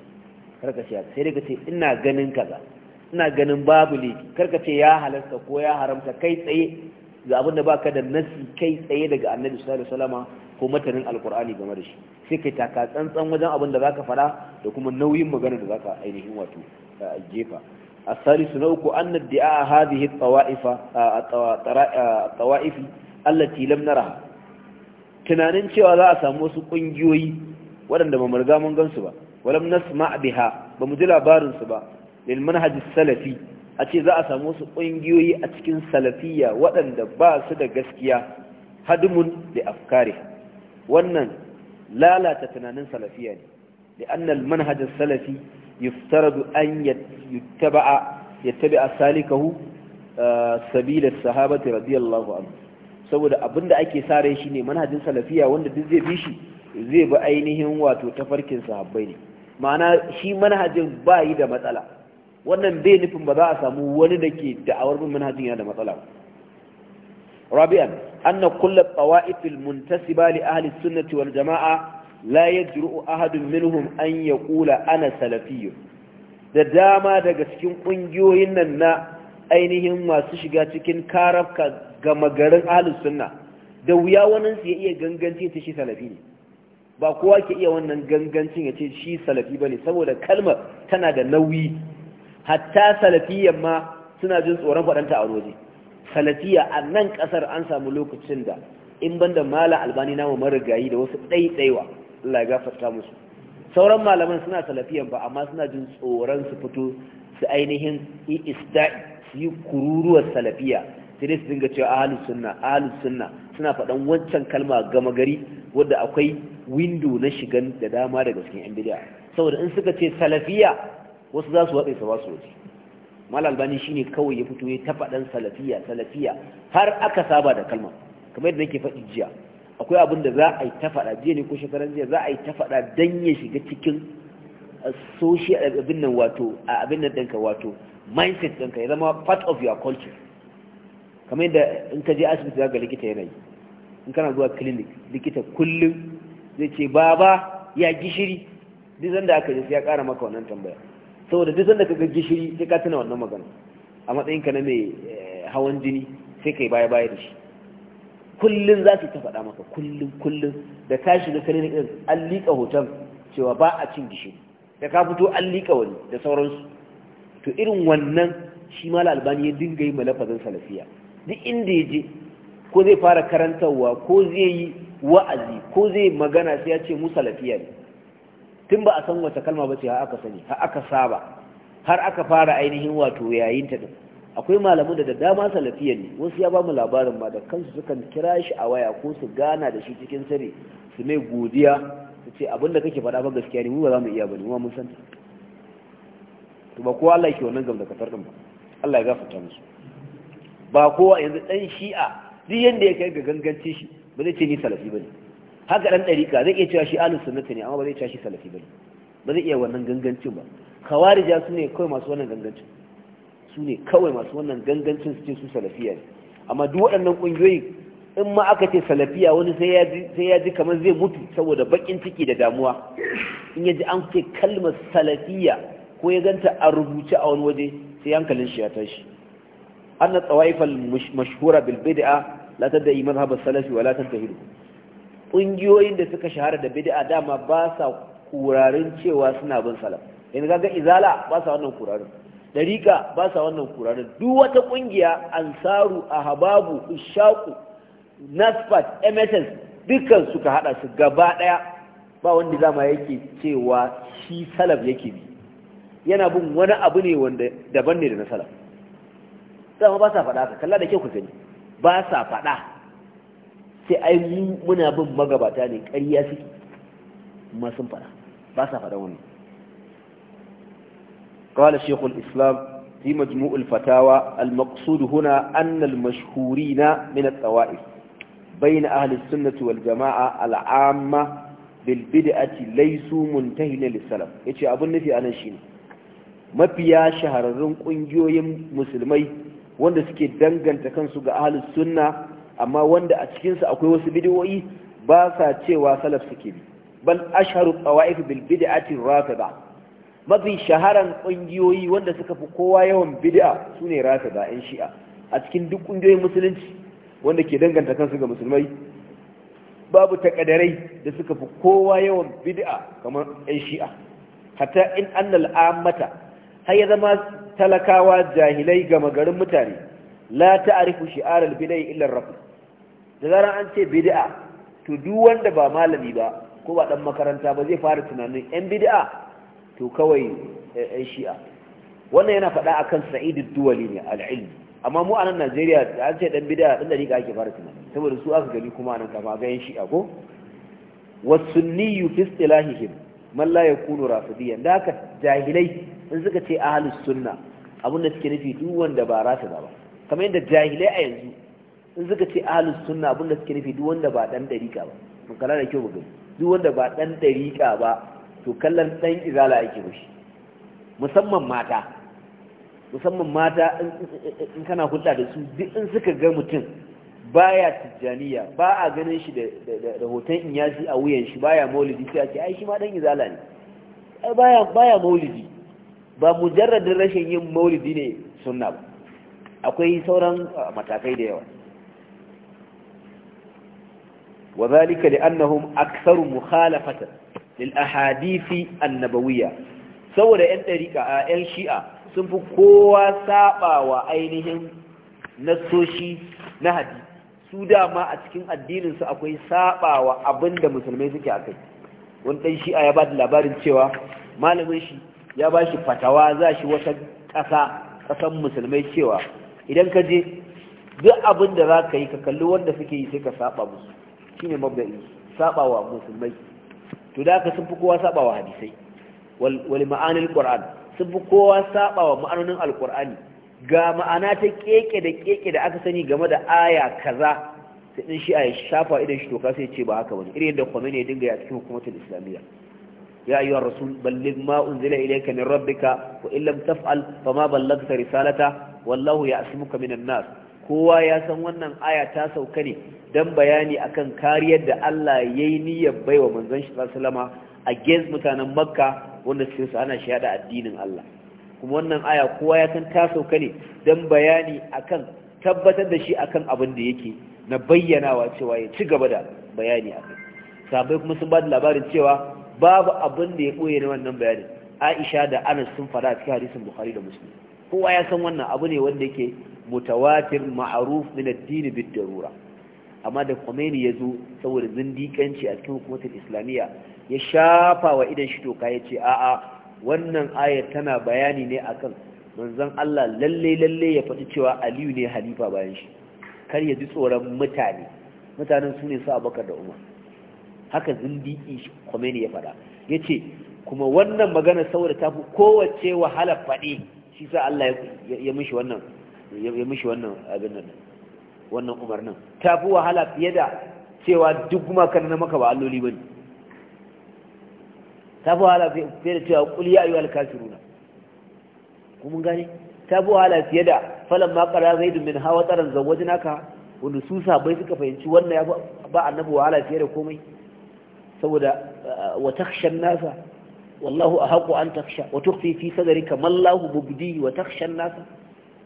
karka ce sai daga ina ganin kaza ina ganin babu laifi karka ce ya halarta ko ya haramta kai tsaye ga abin da baka da nasi kai tsaye daga annabi sallallahu alaihi wasallama ko matanin alkur'ani game da shi sai kai taka tsantsan wajen abin da zaka fara da kuma nauyin magana da zaka ainihin wato jefa الثالث نوك أن ادعاء هذه الطوائف الطوائف التي لم نرها tunanin cewa za a samu wasu ƙungiyoyi waɗanda ba mu riga mun gansu ba walam nasma biha ba mu ji labarinsu ba lil manhaj salafi a ce za a samu wasu ƙungiyoyi a cikin salafiya waɗanda ba su da gaskiya hadmun da afkari wannan lalata tunanin salafiya ne da annal manhajar salafi yuftaradu an yattaba'a yattaba'a salikahu ah, sabila sahabati radiyallahu anhu saboda abinda ake sare shi ne manhajin salafiya wanda duk zai bi shi zai bi ainihin wato tafarkin sahabbai ne ma'ana shi manhajin ba yi da matsala wannan bai nufin ba za a samu wani da ke da'awar bin manhajin yana da matsala rabi'an anna kull at-tawa'if muntasiba li ahli sunnah wal jama'a la yajru'u ahadun minhum an yaqula ana salafiyyun da dama daga cikin kungiyoyin nan na ainihin masu shiga cikin karafka ga magarin ahli sunna da wuya wani su ya iya ganganci ta shi salafi ne ba kowa ke iya wannan gangancin ya ce shi salafi bane saboda kalmar tana da nauyi hatta salafiyan ma suna jin tsoron faɗanta a roje salafiya a nan ƙasar an samu lokacin da in banda mala albani na mu marigayi da wasu ɗaiɗaiwa Allah ya gafarta musu sauran malaman suna salafiyan ba amma suna jin tsoron su fito su ainihin isda'i su yi kururuwar salafiya sai su dinga cewa ahalus sunna ahalus sunna suna faɗan wancan kalma gama gari wadda akwai windo na shigan da dama daga cikin yan bid'a saboda in suka ce salafiya wasu za su watsa su ba su waje malalbani shi shine kawai ya fito ya tafadan salafiya salafiya har aka saba da kalma kamar yadda nake faɗi jiya akwai abin da za a yi tafaɗa jiya ne ko shekaran jiya za a yi tafaɗa dan ya shiga cikin uh, social uh, abin nan wato abin nan ɗinka wato mindset ɗinka ya zama part of your culture kamar yadda in ka je asibiti za ga likita yanayi in kana zuwa clinic likita kullum zai ce baba ya gishiri duk da aka je sai ya ƙara maka wannan tambaya saboda duk sanda ka gaji gishiri sai ka tuna wannan magana a matsayin ka na mai eh, hawan jini sai kai baya baya da shi kullun za su ta faɗa maka kullun kullun da ka shiga kare na irin an liƙa hoton cewa ba a cin gishiri da ka fito an liƙa wani da sauransu to irin wannan shi ma albani ya dinga yi ma malafazin salafiya duk inda ya je ko zai fara karantarwa ko zai yi wa'azi ko zai magana sai ya ce mu salafiya ne tun ba a san wata kalma ba ce har aka sani har aka saba har aka fara ainihin wato yayin ta akwai malamu da dama salafiya ne wasu ya ba mu labarin ma da kansu sukan kira shi a waya ko su gana da shi cikin sani su mai godiya su ce abinda kake faɗa ba gaskiya ne mu ba za mu iya ba ne mu mun san to ba kowa Allah yake wannan gam da kafar din ba Allah ya gafarta musu ba kowa yanzu dan shi'a duk yanda ya kai ga ganganci shi ba zai ce ni salafi ba ne. haka dan dariƙa zai iya cewa shi ahlus sunnati ne amma ba zai cewa shi salafi bane ba zai iya wannan gangancin ba khawarija su ne kawai masu wannan gangancin su ne kawai masu wannan gangancin su ce su salafiya ne amma duk waɗannan ƙungiyoyi in ma aka ce salafiya wani sai ya ji kamar zai mutu saboda baƙin ciki da damuwa in ya ji an ce kalmar salafiya ko ya ganta a rubuce a wani waje sai hankalin shi ya tashi an na tsawaifal mashhura bil bid'a la tadda imam haba salafi wa la tantahidu ƙungiyoyin da suka shahara da bid'a dama ba sa kurarin cewa suna bin salaf yanzu kaga izala ba sa wannan kurarin dariqa ba sa wannan kurarin duk wata ƙungiya ansaru ahbabu ishaqu nasfat emetes dukkan suka hada su gaba daya ba wanda zama yake cewa shi salaf yake bi yana bin wani abu ne wanda daban ne da na salaf dama ba sa faɗa ka kalla da kyau ku gani ba sa faɗa sai ai muna bin magabata ne ƙarya suke amma sun fada ba sa fada wannan قال شيخ الإسلام في مجموع الفتاوى المقصود هنا أن المشهورين من الطوائف بين أهل السنة والجماعة العامة بالبدعة ليسوا منتهين للسلف يتي أبو النفي أنا شيني ما فيها شهر الرنق انجوي مسلمي wanda suke danganta kansu ga ahlus sunna amma wanda a cikinsa akwai wasu bidiyoyi ba sa cewa salaf suke bi bal ashharu tawaif bil bid'ati rafida mafi shaharan kungiyoyi wanda suka fi kowa yawan bid'a sune rafida yan shi'a a cikin duk kungiyoyin musulunci wanda ke danganta kansu ga musulmai babu takadarai da suka fi kowa yawan bid'a kamar yan shi'a hatta in annal ammata har ya zama talakawa jahilai ga garin mutane la ta'rifu shi'ar al bida illa ar da zaran an ce bid'a to duk wanda ba malami ba ko ba dan makaranta ba zai fara tunanin yan bid'a to kawai eh, yan shi'a wannan yana faɗa akan sa'id ad-duwali ne al-ilm amma mu a nan Najeriya an ce dan bid'a dan dariƙa ake fara tunanin saboda su aka gani kuma nan kafa ga yan shi'a ko was-sunni fi istilahihim man la yakunu rafidiyan da haka jahilai in suka ce ahlus sunna abin da suke nufi duk wanda ba rafida ba kamar yadda jahilai a yanzu in suka ce ahalus sunna abin da suke nufi duk wanda ba dan dariƙa ba mun kala da kyau ba gani duk wanda ba dan dariƙa ba to kallon dan izala yake mishi musamman mata musamman mata in kana hulɗa da su duk in suka ga mutum baya tijjaniya ba a ganin shi da hoton in inyasi a wuyan shi baya maulidi sai a ce ai shi ma dan izala ne ai baya baya maulidi ba mujarradin rashin yin maulidi ne sunna ba akwai sauran uh, matakai da yawa wa zalika li'annahum aktharu mukhalafatan lil ahadithi annabawiyya saboda yan dariqa yan shi'a sun fi kowa sabawa ainihin nasoshi na hadisi su dama a cikin addinin su akwai sabawa abinda musulmai suke akai wani dan shi'a ya ba labarin cewa malamin shi ya bashi fatawa za shi wata ƙasa ƙasan musulmai cewa idan ka je duk abin da za ka yi ka kalli wanda suke yi sai ka saba musu ne mabda'i saba wa musulmai to da ka sun fi kowa saba wa hadisai wal ma'anil qur'an sun fi kowa saba wa ma'anonin alqur'ani ga ma'ana ta keke da keke da aka sani game da aya kaza sai din shi a shafa idan shi toka sai ce ba haka bane irin yadda Khomeini ya dinga ya cikin hukumatul islamiyya يا أيها الرسول بلغ ما أنزل إليك من ربك وإن لم تفعل فما بلغت رسالته wallahu ya asmuka minan nas kowa ya san wannan aya ta sauka ne dan bayani akan kariyar da Allah yayi niyyar baiwa manzon shi sallama against mutanen Makka wanda suke su ana shaɗa addinin Allah kuma wannan aya kowa ya san ta sauka ne dan bayani akan tabbatar da shi akan abin da yake na bayyanawa cewa ya ci gaba da bayani akai sabai kuma sun ba da labarin cewa babu abin da ya ɓoye na wannan bayanin Aisha da Anas sun fara cikin hadisin Bukhari da Muslim kowa ya san wannan abu ne wanda yake mutawatir maaruf min ad-din bid-darura amma da Khomeini ya zo saboda zindikanci a cikin hukumatar islamiyya ya shafa wa idan shi toka ya ce a'a wannan ayar tana bayani ne akan manzon Allah lalle lalle ya faɗi cewa Aliyu ne halifa bayan shi kar ya ji tsoron mutane mutanen su ne su Abubakar da Umar haka zindiki Khomeini ya faɗa yace kuma wannan magana saboda tafi kowace wahala faɗi shi sa Allah ya mishi wannan ya mishi wannan abin nan wannan umarnin ta fi wahala fiye da cewa duk gumakan na maka ba alloli bane ta fi wahala fiye da cewa kul ya ayyuhal kafiruna ku mun gane ta fi wahala fiye da falan ma qara zaidun min hawa taran zawwajnaka wanda su sabai suka fahimci wannan ya ba annabi wahala fiye da komai saboda wa takhshan nasa wallahu ahaqu an takhsha wa tukhfi fi sadrika ma Allahu wa takhsha an-nas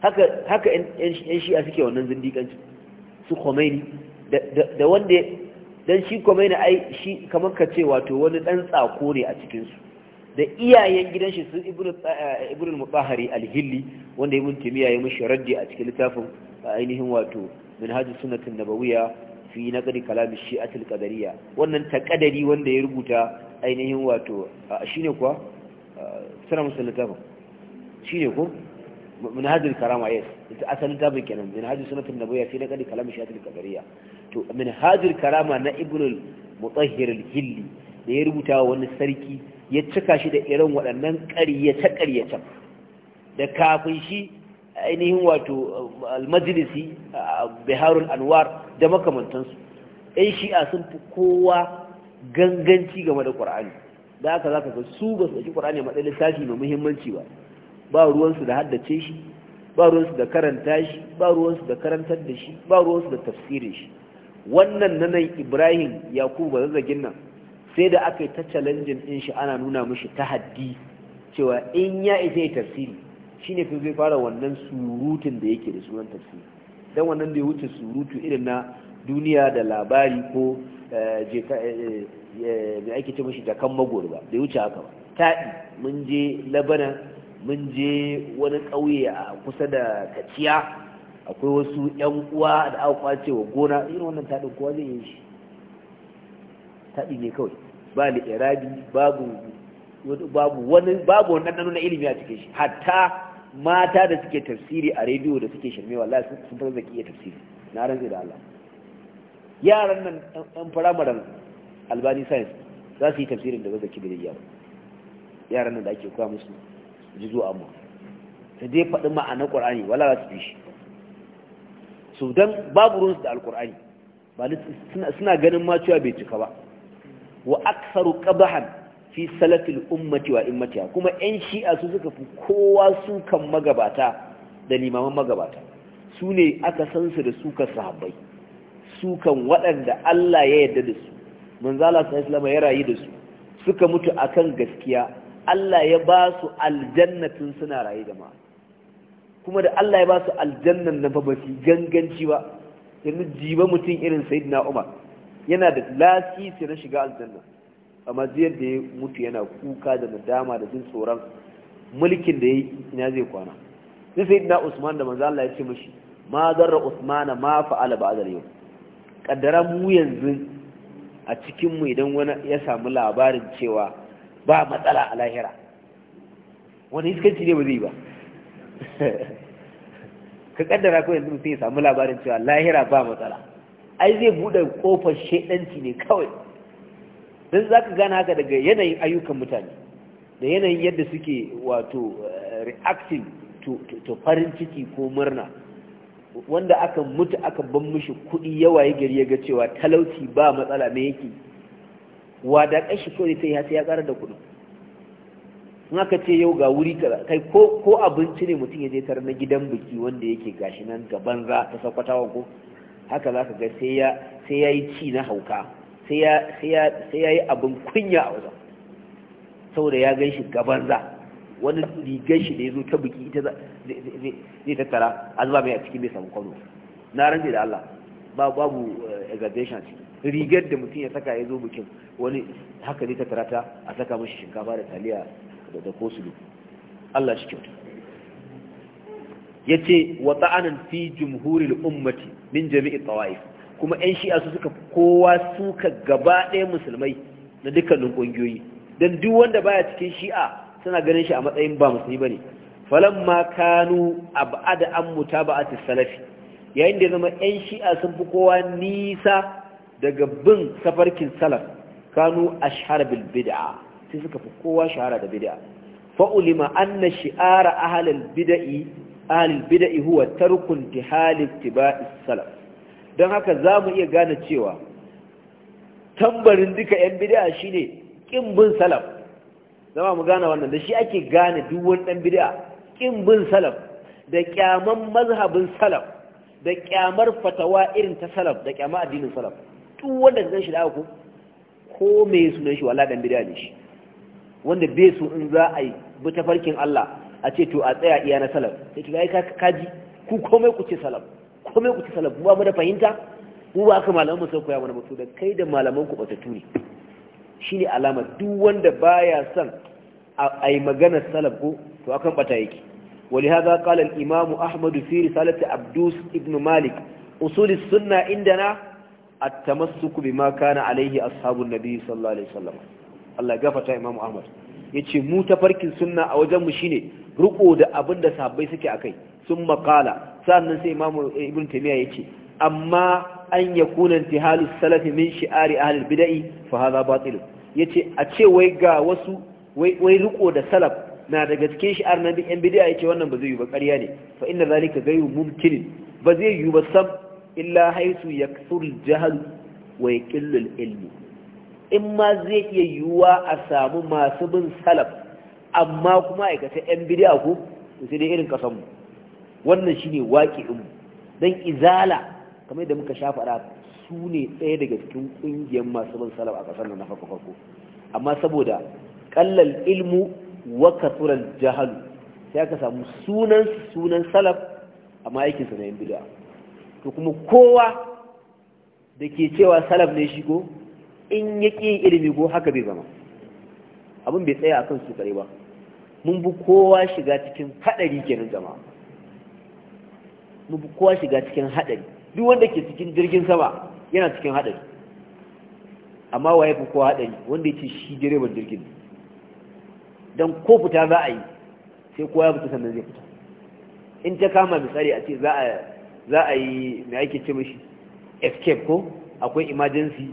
haka haka yan shi'a wannan zindikanci su Khomeini dan shi ai shi kamar ka ce wato wani dan tsako ne a cikin su da iyayen gidan shi sun ibnu eh, mutahhari al-hilli wanda ibn timiya ya mishi raddi a cikin littafin ainihin wato minhajus sunnatin nabawiyya fi naqdi kalam shi al-qadariyya wannan taqadari wanda ya rubuta ainihin wato shine kuwa sana musallatafa shine ko منهاج الكرامة إيه أصل تابع كنا منهاج سنة النبوية في نقل shi شاطر الكبرية تو منهاج karama na ابن المطهر الهلي da ya rubuta wani sarki ya cika shi da irin waɗannan ya ƙaryacen da kafin shi ainihin wato almajlisi Biharun anwar da makamantansu ɗan shi'a sun fi kowa ganganci game da ƙwar'ani da aka zaka ga su ba su ɗauki ƙwar'ani matsayin littafi mai muhimmanci ba ba ruwansu da haddace shi ba ruwansu da karanta shi ba ruwansu da karantar da shi ba ruwansu da tafsirin shi wannan nanan ibrahim yakubu zazzagin nan sai da aka yi ta challenge ɗin shi ana nuna mishi haddi, cewa in ya isa ya tafsiri shi ne zai fara wannan surutun da yake da sunan tafsiri don wannan da ya wuce surutu irin na duniya da labari ko da eh, eh, eh, ake ce mashi jakan magor ba da ya wuce haka ba taɗi mun je labana mun je wani ƙauye a kusa da kaciya akwai wasu 'yan uwa da aka kwace wa gona irin wannan taɗin kowa zai yi shi taɗi ne kawai ba li'irabi babu babu wani babu wannan na ilimi a cikin shi hatta mata da suke tafsiri a rediyo da suke shirme wallahi sun fara zaki ya tafsiri na ranzu da Allah yaran nan ɗan firamaren albani science za su yi tafsirin da zaki bai yawa yaran nan da ake koya musu ji zuwa amma ta dai faɗi ma'anar ƙwar'ani wala za su fi shi su don babu ruwansu da alƙwar'ani ba suna ganin ma cewa bai cika ba wa aksaru qabahan fi salatul ummati wa immatiha kuma ƴan shi'a su suka fi kowa sukan magabata da limaman magabata su ne aka san su da suka sahabbai sukan waɗanda Allah ya yarda da su manzala sai alaihi ya rayu da su suka mutu akan gaskiya Allah ya ba su aljannatin suna rayu da ma kuma da Allah ya ba su aljannan na fa ba ganganci ba yanzu jiba mutum irin sayyidina Umar yana da lasisi na shiga aljanna amma ziyar da ya mutu yana kuka da nadama da jin tsoron mulkin da ya yi ina zai kwana sai sai ina usman da manzo Allah ya ce mishi ma zarra usmana ma fa'ala ba'da yau kaddara mu yanzu a cikin mu idan wani ya samu labarin cewa ba matsala a lahira wani iskanci ne ba zai ba ka kaddara ko yanzu mutum ya samu labarin cewa lahira ba matsala ai zai buɗe kofar shaidanci ne kawai don za ka gana haka daga yanayin ayyukan mutane da yanayin yadda suke wato eh, reacting to farin ciki ko murna wanda aka mutu aka ban mishi kudi yawa ya gari ya ga cewa talauci ba matsala mai yake wada kashi kone sai ya ya ƙara da kudu in aka ce yau ga wuri kai ko abinci ne mutum ya je tara na gidan biki wanda yake gashi nan gaban za ta sakwatawa ko haka za ka ga sai ya yi ci na hauka sai ya yi abin kunya a wajen saboda ya gan shi gaban za wani rigar shi da ya zo ta buki ita zai kara a zuwa mai a cikin mai samu kwano na ranje da Allah babu eh, exaggeration ciki rigar da mutum ya saka ya zo bukin wani haka zai kara ta a saka mashi shinkafa da taliya da kosulu Allah shi kyau ya ce wata anan fi jumhuril ummati min jami'i tawaif kuma 'yan shi'a su suka kowa suka gaba ɗaya musulmai na dukkanin ƙungiyoyi don duk wanda baya cikin shi'a suna ganin shi a matsayin ba musulmi ba ne falon ma kanu abada an muta ba a salafi yayin da zama 'yan shi'a sun fi kowa nisa daga bin safarkin salaf kanu a shahara bil bid'a sai suka fi kowa shahara da bid'a fa'ulima anna shi'ara ahalil bid'i ahalil huwa tarkun tihali tibai salaf don haka za mu iya gane cewa tambarin duka 'yan bid'a shine ƙin bin salaf zama mu gane wannan da shi ake gane duk wani dan bid'a bin salaf da ƙyaman mazhabin salaf da ƙyamar fatawa irin ta salaf da ƙyama addinin salaf duk wanda zan shi da ku ko mai sunan shi wala ɗan bidiya ne shi wanda bai su in za a yi bi tafarkin Allah a ce to a tsaya iya na salaf sai ka ka kaji ku komai ku ce salaf kuma ku ci salaf ba mu da fahimta mu ba ka malaman mu sai ya mana mutu da kai da malaman ku batatu ne shine alama duk wanda baya son ai magana salaf ko to akan bata yake ولهذا imam الإمام أحمد في رسالة ibn malik مالك أصول السنة عندنا التمسك بما كان عليه أصحاب النبي صلى الله عليه وسلم الله قفت إمام أحمد yace mu tafarkin sunna a wajen mu shine riko da abin da sahabbai suke akai sun makala sannan sai imamu ibn tamiya yake amma an yakuna intihalu salafi min shi'ari ahli bid'ah fa hadha batil yace a ce wai ga wasu wai wai riko da salaf na daga cikin shi'ar na bid'ah yan yace wannan ba zai yi ba ƙarya ne fa inna zalika ghayru mumkin ba zai yi ba sam illa haisu yakthur al-jahl wa yaqillu al-ilm in ma zai iya yiwuwa a samu masu bin salaf amma kuma aikata yan bid'ah ko sai dai irin kasanmu wannan shine waqi'in don izala kamar da muka sha fara su ne ɗaya daga cikin ƙungiyar masu ban salaf a ƙasar na farko farko amma saboda kallal ilmu wa kasuran jahalu sai aka samu sunan sunan salaf a ma'aikinsa na yin bid'a to kuma kowa da ke cewa salaf ne shi ko in ya ƙi ilimi ko haka bai zama abin bai tsaya akan su kare ba mun bi kowa shiga cikin haɗari kenan jama'a mu kowa shiga cikin haɗari duk wanda ke cikin jirgin sama yana cikin haɗari amma waye fi kowa haɗari wanda ya ce shi direban jirgin don ko fita za a yi sai kowa ya fita sannan zai fita in ta kama misali a ce za a yi mai ake ce mashi escape ko akwai emergency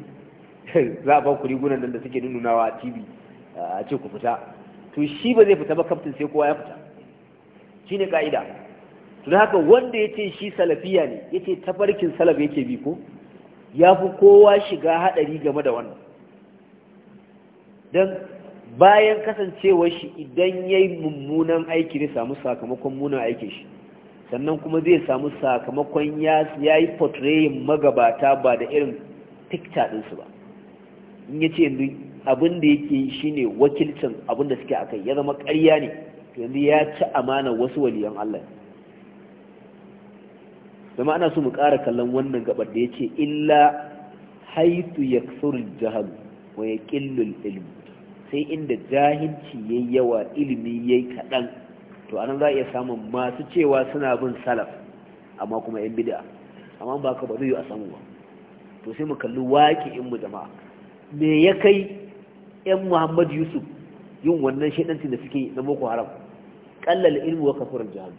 za a ba ku rigunan nan da suke nunawa a tv a ce ku fita to shi ba zai fita ba kaftin sai kowa ya fita shi ne ka'ida don haka wanda ya ce shi salafiya ne ya ce tafarkin salaf yake bi ko ya fi kowa shiga haɗari game da wannan don bayan kasancewar shi idan ya yi mummunan aiki ne samu sakamakon munan aikin shi sannan kuma zai samu sakamakon ya yi portrayin magabata ba da irin picture ɗinsu ba in ya yanzu abin da yake shi ne wakilcin abin da suke a kai ya zama ƙarya ne yanzu ya ci amana wasu waliyan Allah zama ana so mu ƙara kallon wannan gabar da ya ce illa haitu ya ksurul jihar wa ya ƙillul ilmi sai inda jahilci ya yawa ilimi ya yi kaɗan to nan za a iya samun masu cewa suna bin salaf amma kuma yan bida amma ba ka bazu yi a samu ba to sai mu kalli waƙi in mu jama'a me ya kai yan muhammad yusuf yin wannan shaidanci da suke na boko haram kallal ilmi wa kafurar jihar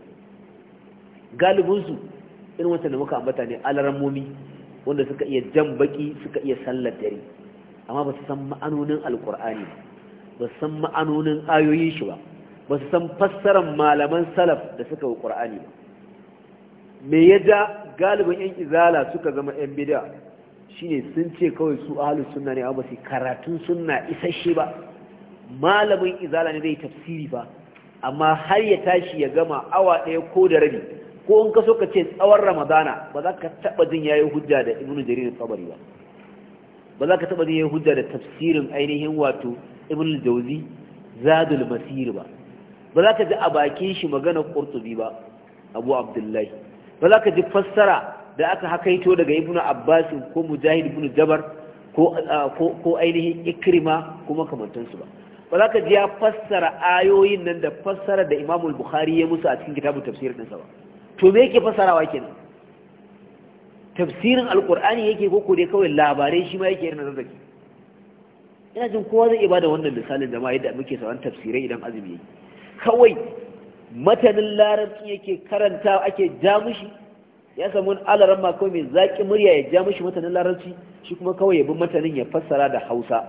galibinsu irin wancan da muka ambata ne alarammomi wanda suka iya jan baki suka iya sallar dare amma ba su san ma'anonin alkur'ani ba su san ma'anonin ayoyin shi ba ba su san fassarar malaman salaf da suka wa ƙur'ani ba me ya ja galibin yan izala suka zama yan bida shine sun ce kawai su ahalus sunna ne ba su karatun sunna isasshe ba malamin izala ne zai tafsiri ba amma har ya tashi ya gama awa ɗaya ko da rabi ko in ka so ka ce tsawon ramadana ba za ka taɓa jin ya yi hujja da ibnu jarir tsabari ba ba za ka taɓa jin ya yi hujja da tafsirin ainihin wato ibnu jawzi zadul masir ba ba za ka ji a bakin shi magana qurtubi ba abu abdullahi ba za ka ji fassara da aka hakaito daga ibnu abbas ko mujahid ibnu jabar ko ko ainihin ikrima kuma kamantansu ba ba za ka ji ya fassara ayoyin nan da fassara da imamul bukhari ya musu a cikin kitabu tafsirin sa ba to me yake fasarawa kenan tafsirin alkur'ani yake ko dai kawai labarai shi ma yake da zazzaki ina jin kowa zai iya da wannan misalin da ma yadda muke sauran tafsirai idan azumi yake kawai matanin larabci yake karanta ake ja mushi ya samu alaran ma kawai mai zaƙi murya ya ja mushi matanin larabci shi kuma kawai ya bi matanin ya fassara da hausa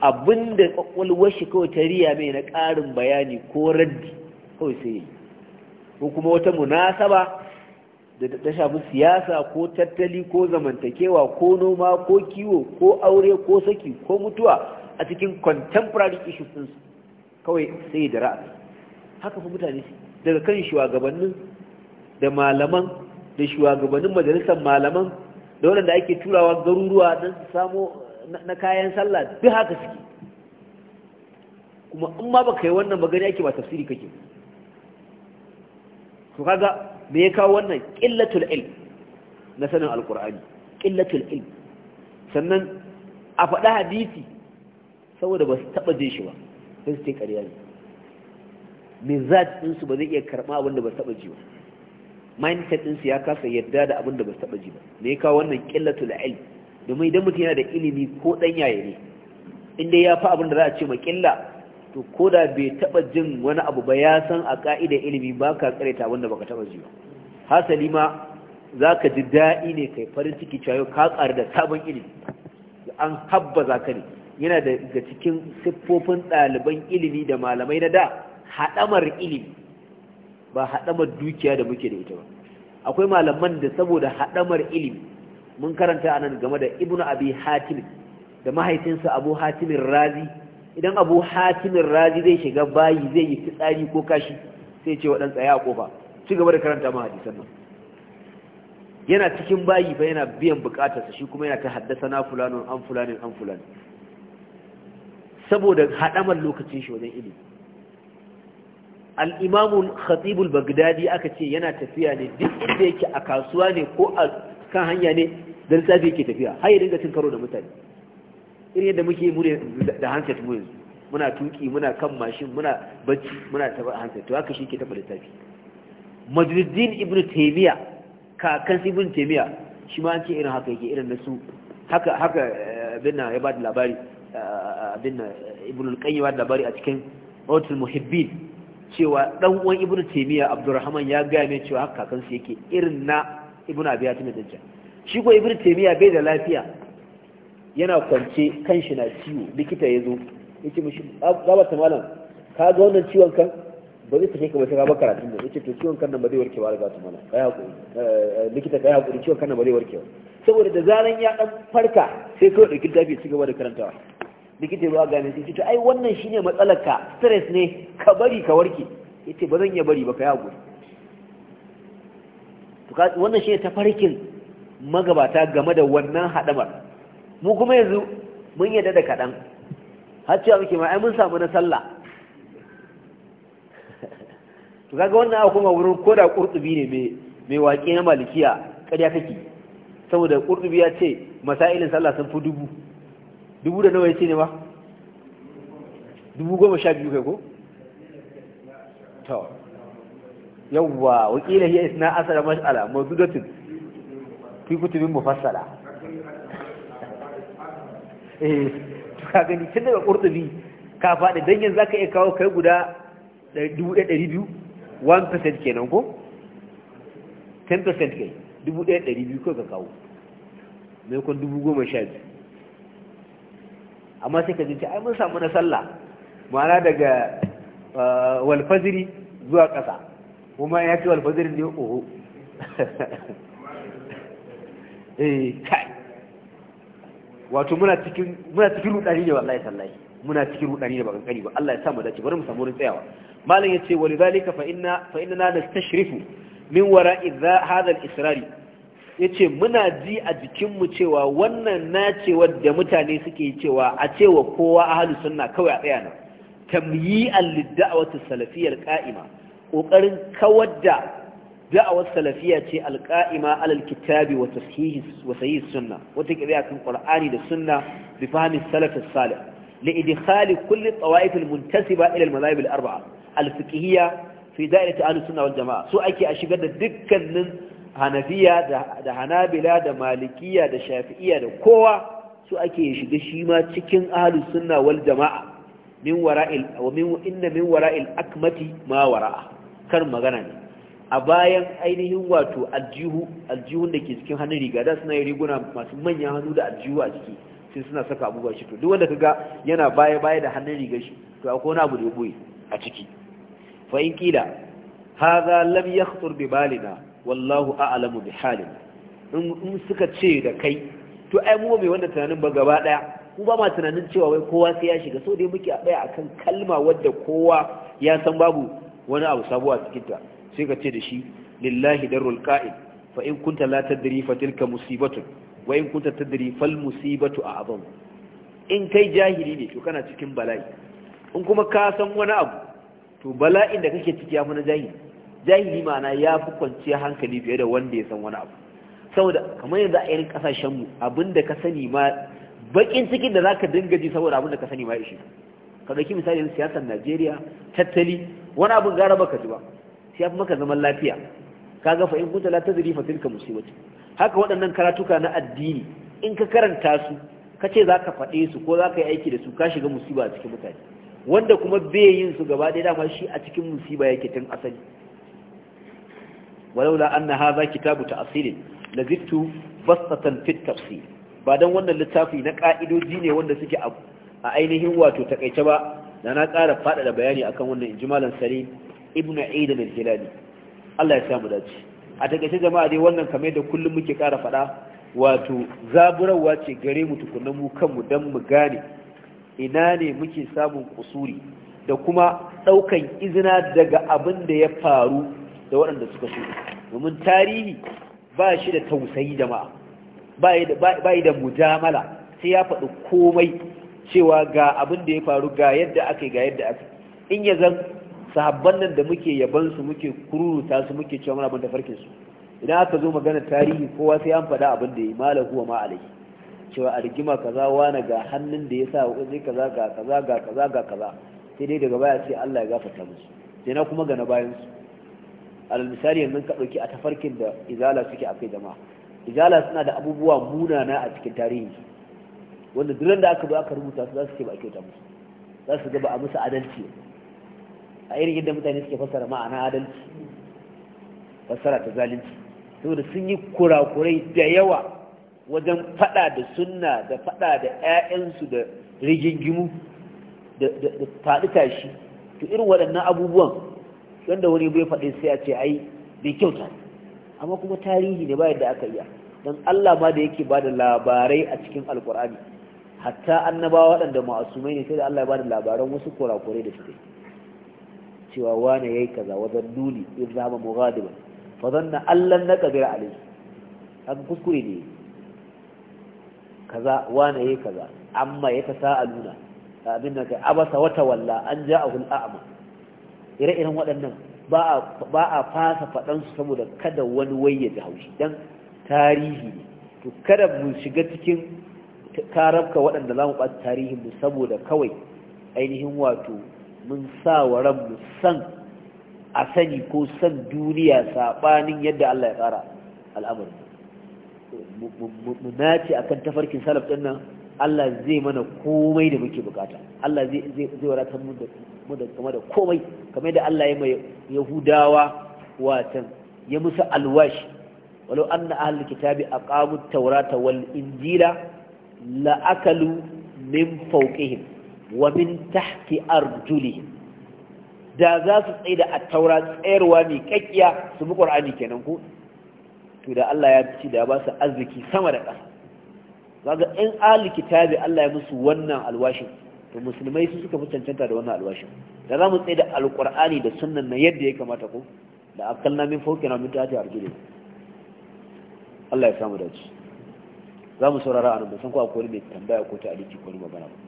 abinda kwakwalwar shi kawai ta riya mai na ƙarin bayani ko raddi kawai sai yi ko kuma wata munasaba da ta shafi siyasa ko tattali ko zamantakewa ko noma ko kiwo ko aure ko saki ko mutuwa a cikin contemporary issues ɗinsu kawai sai da ra'ayi haka fa mutane daga kan shugabannin da malaman da shugabannin majalisar malaman da wanda ake turawa garuruwa don su samo na kayan sallah duk haka suke kuma in ma baka yi wannan magani ake ba tafsiri kake to kaga me ya kawo wannan qillatul ilm na sanin alqur'ani qillatul ilm sannan a faɗa hadisi saboda ba su taɓa je shi ba sai su ce ƙarya ne mizaj ɗinsu ba zai iya karɓa abin da ba su taɓa ji ba mindset ɗinsu ya kasa yadda da abin da ba su taɓa ji ba me ya kawo wannan qillatul ilm domin idan mutum yana da ilimi ko ɗan yaye ne in dai ya fa abin da za a ce ma ƙilla to ko da bai taba jin wani abu ba ya san a ka'ida ilimi ba ka kareta wanda baka taba ji ba hasali ma za ka ji daɗi ne kai farin ciki cewa ka ƙari da sabon ilimi an za ka ne yana daga cikin siffofin ɗaliban ilimi da malamai na da haɗamar ilimi ba haɗamar dukiya da muke da ita ba akwai malaman da saboda haɗamar ilimi mun karanta anan game da ibnu abi hatim da mahaifinsa abu hatimin razi idan abu hatimin razi zai shiga bayi zai yi fitsari ko kashi sai ce waɗan tsaya a ƙofa ci gaba da karanta ma hadisan nan yana cikin bayi fa yana biyan bukatarsa shi kuma yana ta haddasa na fulanin an fulanin an fulani saboda haɗamar lokacin shi wajen ilimi al'imamun khatibul bagdadi aka ce yana tafiya ne duk inda yake a kasuwa ne ko a kan hanya ne don safe yake tafiya har yi dinga cin karo da mutane irin yadda muke mu da handset mu yanzu muna tuki muna kan mashin muna bacci muna taba handset to haka shi ke taba littafi majruddin ibnu taymiya kakan ibn taymiya shi ma an ce irin haka yake irin na su haka haka eh, binna nan ya bada labari eh, binna ibn ibnu al-qayyim ya labari a cikin rawatul muhibbin cewa dan uwan ibnu taymiya abdurrahman ya ga mai cewa haka kakan su yake irin na ibnu abi da dajjal shi ko ibnu taymiya bai da lafiya yana kwance kanshi na ciwo likita ya zo ya ce mashi gabata malam ka ga wannan ciwon kan ba zai tafi kamar shiga bakar ka ba karatun da ce to ciwon kan nan ba zai warke ba ga su malam kai hakuri eh, likita kai hakuri ciwon kan nan ba zai warke ba saboda da zaran ya dan farka sai kawai ɗauki tafi ci gaba da karantawa likita ya gane shi to ai wannan shine matsalar ka stress ne ka bari ka warke yace ba zan iya bari ba kai hakuri to wannan shine tafarkin magabata game da wannan hadamar mu kuma yanzu mun yadda da kaɗan har cewa muke ai mun samu na sallah to kaga wannan abu kuma wurin koda qurtubi ne mai waƙi na malikiya ƙarya kake saboda qurtubi ya ce masailin sallah sun fi dubu dubu da nawa ce ne ba dubu goma sha biyu kai ko to yawwa wakila isna asara mas'ala mazudatun fi kutubin mufassala eh ka gani tun daga qurtubi ka faɗi dan yanzu zaka iya kawo kai guda 1200 kenan ko 10% kai 1200 ko ka kawo mai kun 10,000 amma sai ka ji ai mun samu na sallah ma'ana daga eh, walfaziri zuwa ƙasa kuma ya ce walfazirin ne oho eh kai wato muna cikin muna cikin rudani ne wallahi sallahi muna cikin rudani ne ba kankani ba Allah ya sa mu dace bari mu samu wurin tsayawa malam yace walidhalika fa inna fa inna nastashrifu min wara'i hadha al-israri yace muna ji a jikin mu cewa wannan nacewar da mutane suke cewa a cewa kowa halu sunna kawai a tsaya nan tamyi lid-da'wati salafiyyal qa'ima kokarin kawar da da'awar salafiya ce alƙa'ima alal kitabi wa tashihi wa sahih sunna wata kiriya kan qur'ani da sunna bi fahmi salaf as-salih li idkhali kulli tawaif al-muntasiba ila al-madhahib al-arba'a al-fiqhiyya fi da'irati ahlus sunna wal jama'a ake a shigar da dukkanin hanafiya da hanabila da malikiya da shafi'iya da kowa su ake shiga shi ma cikin ahlus sunna wal jama'a min wara'il wa min inna min wara'il akmati ma wara'a kar magana ne a bayan ainihin wato aljihu aljihun da ke cikin hannun riga da suna yi riguna masu manyan hannu da aljihu a ciki sai suna saka abubuwa shi to duk wanda kaga yana baya baya da hannun rigar shi to akwai wani abu da a ciki fa in kila hadha lam yakhtur bi balina wallahu a'lamu bi halina in suka ce da kai to ai mu mai wanda tunanin ba gaba daya mu ba ma tunanin cewa wai kowa sai ya shiga so dai muke a akan kalma wadda kowa ya san babu wani abu sabuwa cikin ta sai ka ce da shi lillahi darul qa'id fa in kunta la tadri fa tilka musibatun wa in kunta tadri fal musibatu a'zam in kai jahili ne to kana cikin bala'i in kuma ka san wani abu to bala'in da kake ciki ya fi na jahili jahili ma'ana ya fi kwanciya hankali fiye da wanda ya san wani abu saboda kamar yanzu a irin kasashen mu abinda ka sani ma bakin cikin da zaka dinga ji saboda abinda ka sani ma ya ishe ka dauki misali siyasar Najeriya tattali wani abu gara baka ji ba shi fi maka zaman lafiya ka ga in kunta la tadri fa tilka musibatu haka waɗannan karatuka na addini in ka karanta su ka ce za ka faɗe su ko za ka yi aiki da su ka shiga musiba a cikin mutane wanda kuma bai yin su gaba ɗaya dama shi a cikin musiba yake tun asali walaula anna hadha kitabu ta'sirin lazittu basatan fit tafsir ba dan wannan littafi na ka'idoji ne wanda suke a ainihin wato takaice ba da na ƙara faɗaɗa bayani akan wannan injimalan sarin ibnu aidan al-hilali Allah ya samu dace a takaice jama'a dai wannan kamar da kullum muke kara faɗa wato zaburarwa ce gare mu tukunna mu kanmu dan mu gane ina ne muke samun kusuri da kuma ɗaukan izina daga abin da ya faru da waɗanda suka so domin tarihi ba shi da tausayi jama'a ba yi da mujamala sai ya faɗi komai cewa ga abin da ya faru ga yadda aka ga yadda aka in ya zan sahabban nan da muke yaban su muke kururuta su muke cewa muna banda tafarkin su idan aka zo magana tarihi kowa sai an faɗa abin da ya mala huwa ma alai cewa a rigima kaza wani ga hannun da ya sa wani kaza ga kaza ga kaza ga kaza sai dai daga baya sai Allah ya gafarta musu sai na kuma gana bayan su alal misali yanzu ka dauki a tafarkin da izala suke kai jama'a izala suna da abubuwa munana a cikin tarihi wanda duk da aka ba aka rubuta su za su ce ba a kyauta musu za su ga ba a musu adalci a irin yadda mutane suke fasara ma'ana adalci fasara ta zalunci saboda sun yi kurakurai da yawa wajen fada da sunna da fada da 'ya'yansu da rigingimu da faɗi tashi to irin waɗannan abubuwan wanda wani bai faɗi sai a ce ai bai kyauta amma kuma tarihi ne bayan da aka iya don Allah ma da yake bada labarai a cikin alkur'ani hatta annabawa waɗanda ma'asumai ne sai da Allah ya bada labaran wasu kurakurai da suka yi cewa wane yi kaza wajen nuni in zama mughadiban fa zanna allan Kabir Ali an kuskure ne kaza wane yi kaza amma ya ta sa tasaaluna abin da kai abasa wata walla an ja'ahu al'ama ire-iren waɗannan ba a ba a fasa faɗan su saboda kada wani waye ji haushi dan tarihi ne to kada mu shiga cikin karabka waɗanda za mu ɓata tarihin mu saboda kawai ainihin wato mun sa wa ranmu san a sani ko san duniya saɓanin yadda Allah ya tsara al'amur. mu nace kan tafarkin salaf ɗin nan Allah zai mana komai da muke bukata Allah zai wadatar mu da kama da komai kamar da Allah ya mai yahudawa watan ya musu alwashi walau anna ahlul kitabi ƙamun taurata wal injila la'akalu min fauƙihim wa min tahti arjulihim da za su tsaye da taura tsayarwa mai kakkiya su bi qur'ani kenan ko to da Allah ya ci da ba su arziki sama da ƙasa kaga in ahli kitabi Allah ya musu wannan alwashi, to musulmai su suka fi cancanta da wannan alwashi, da za mu tsaye da alqur'ani da sunnan na yadda ya kamata ko da na min fawqina min tahti arjulihim Allah ya samu dace za mu saurara anan nan san ko akwai mai tambaya ko ta aliki ko magana ba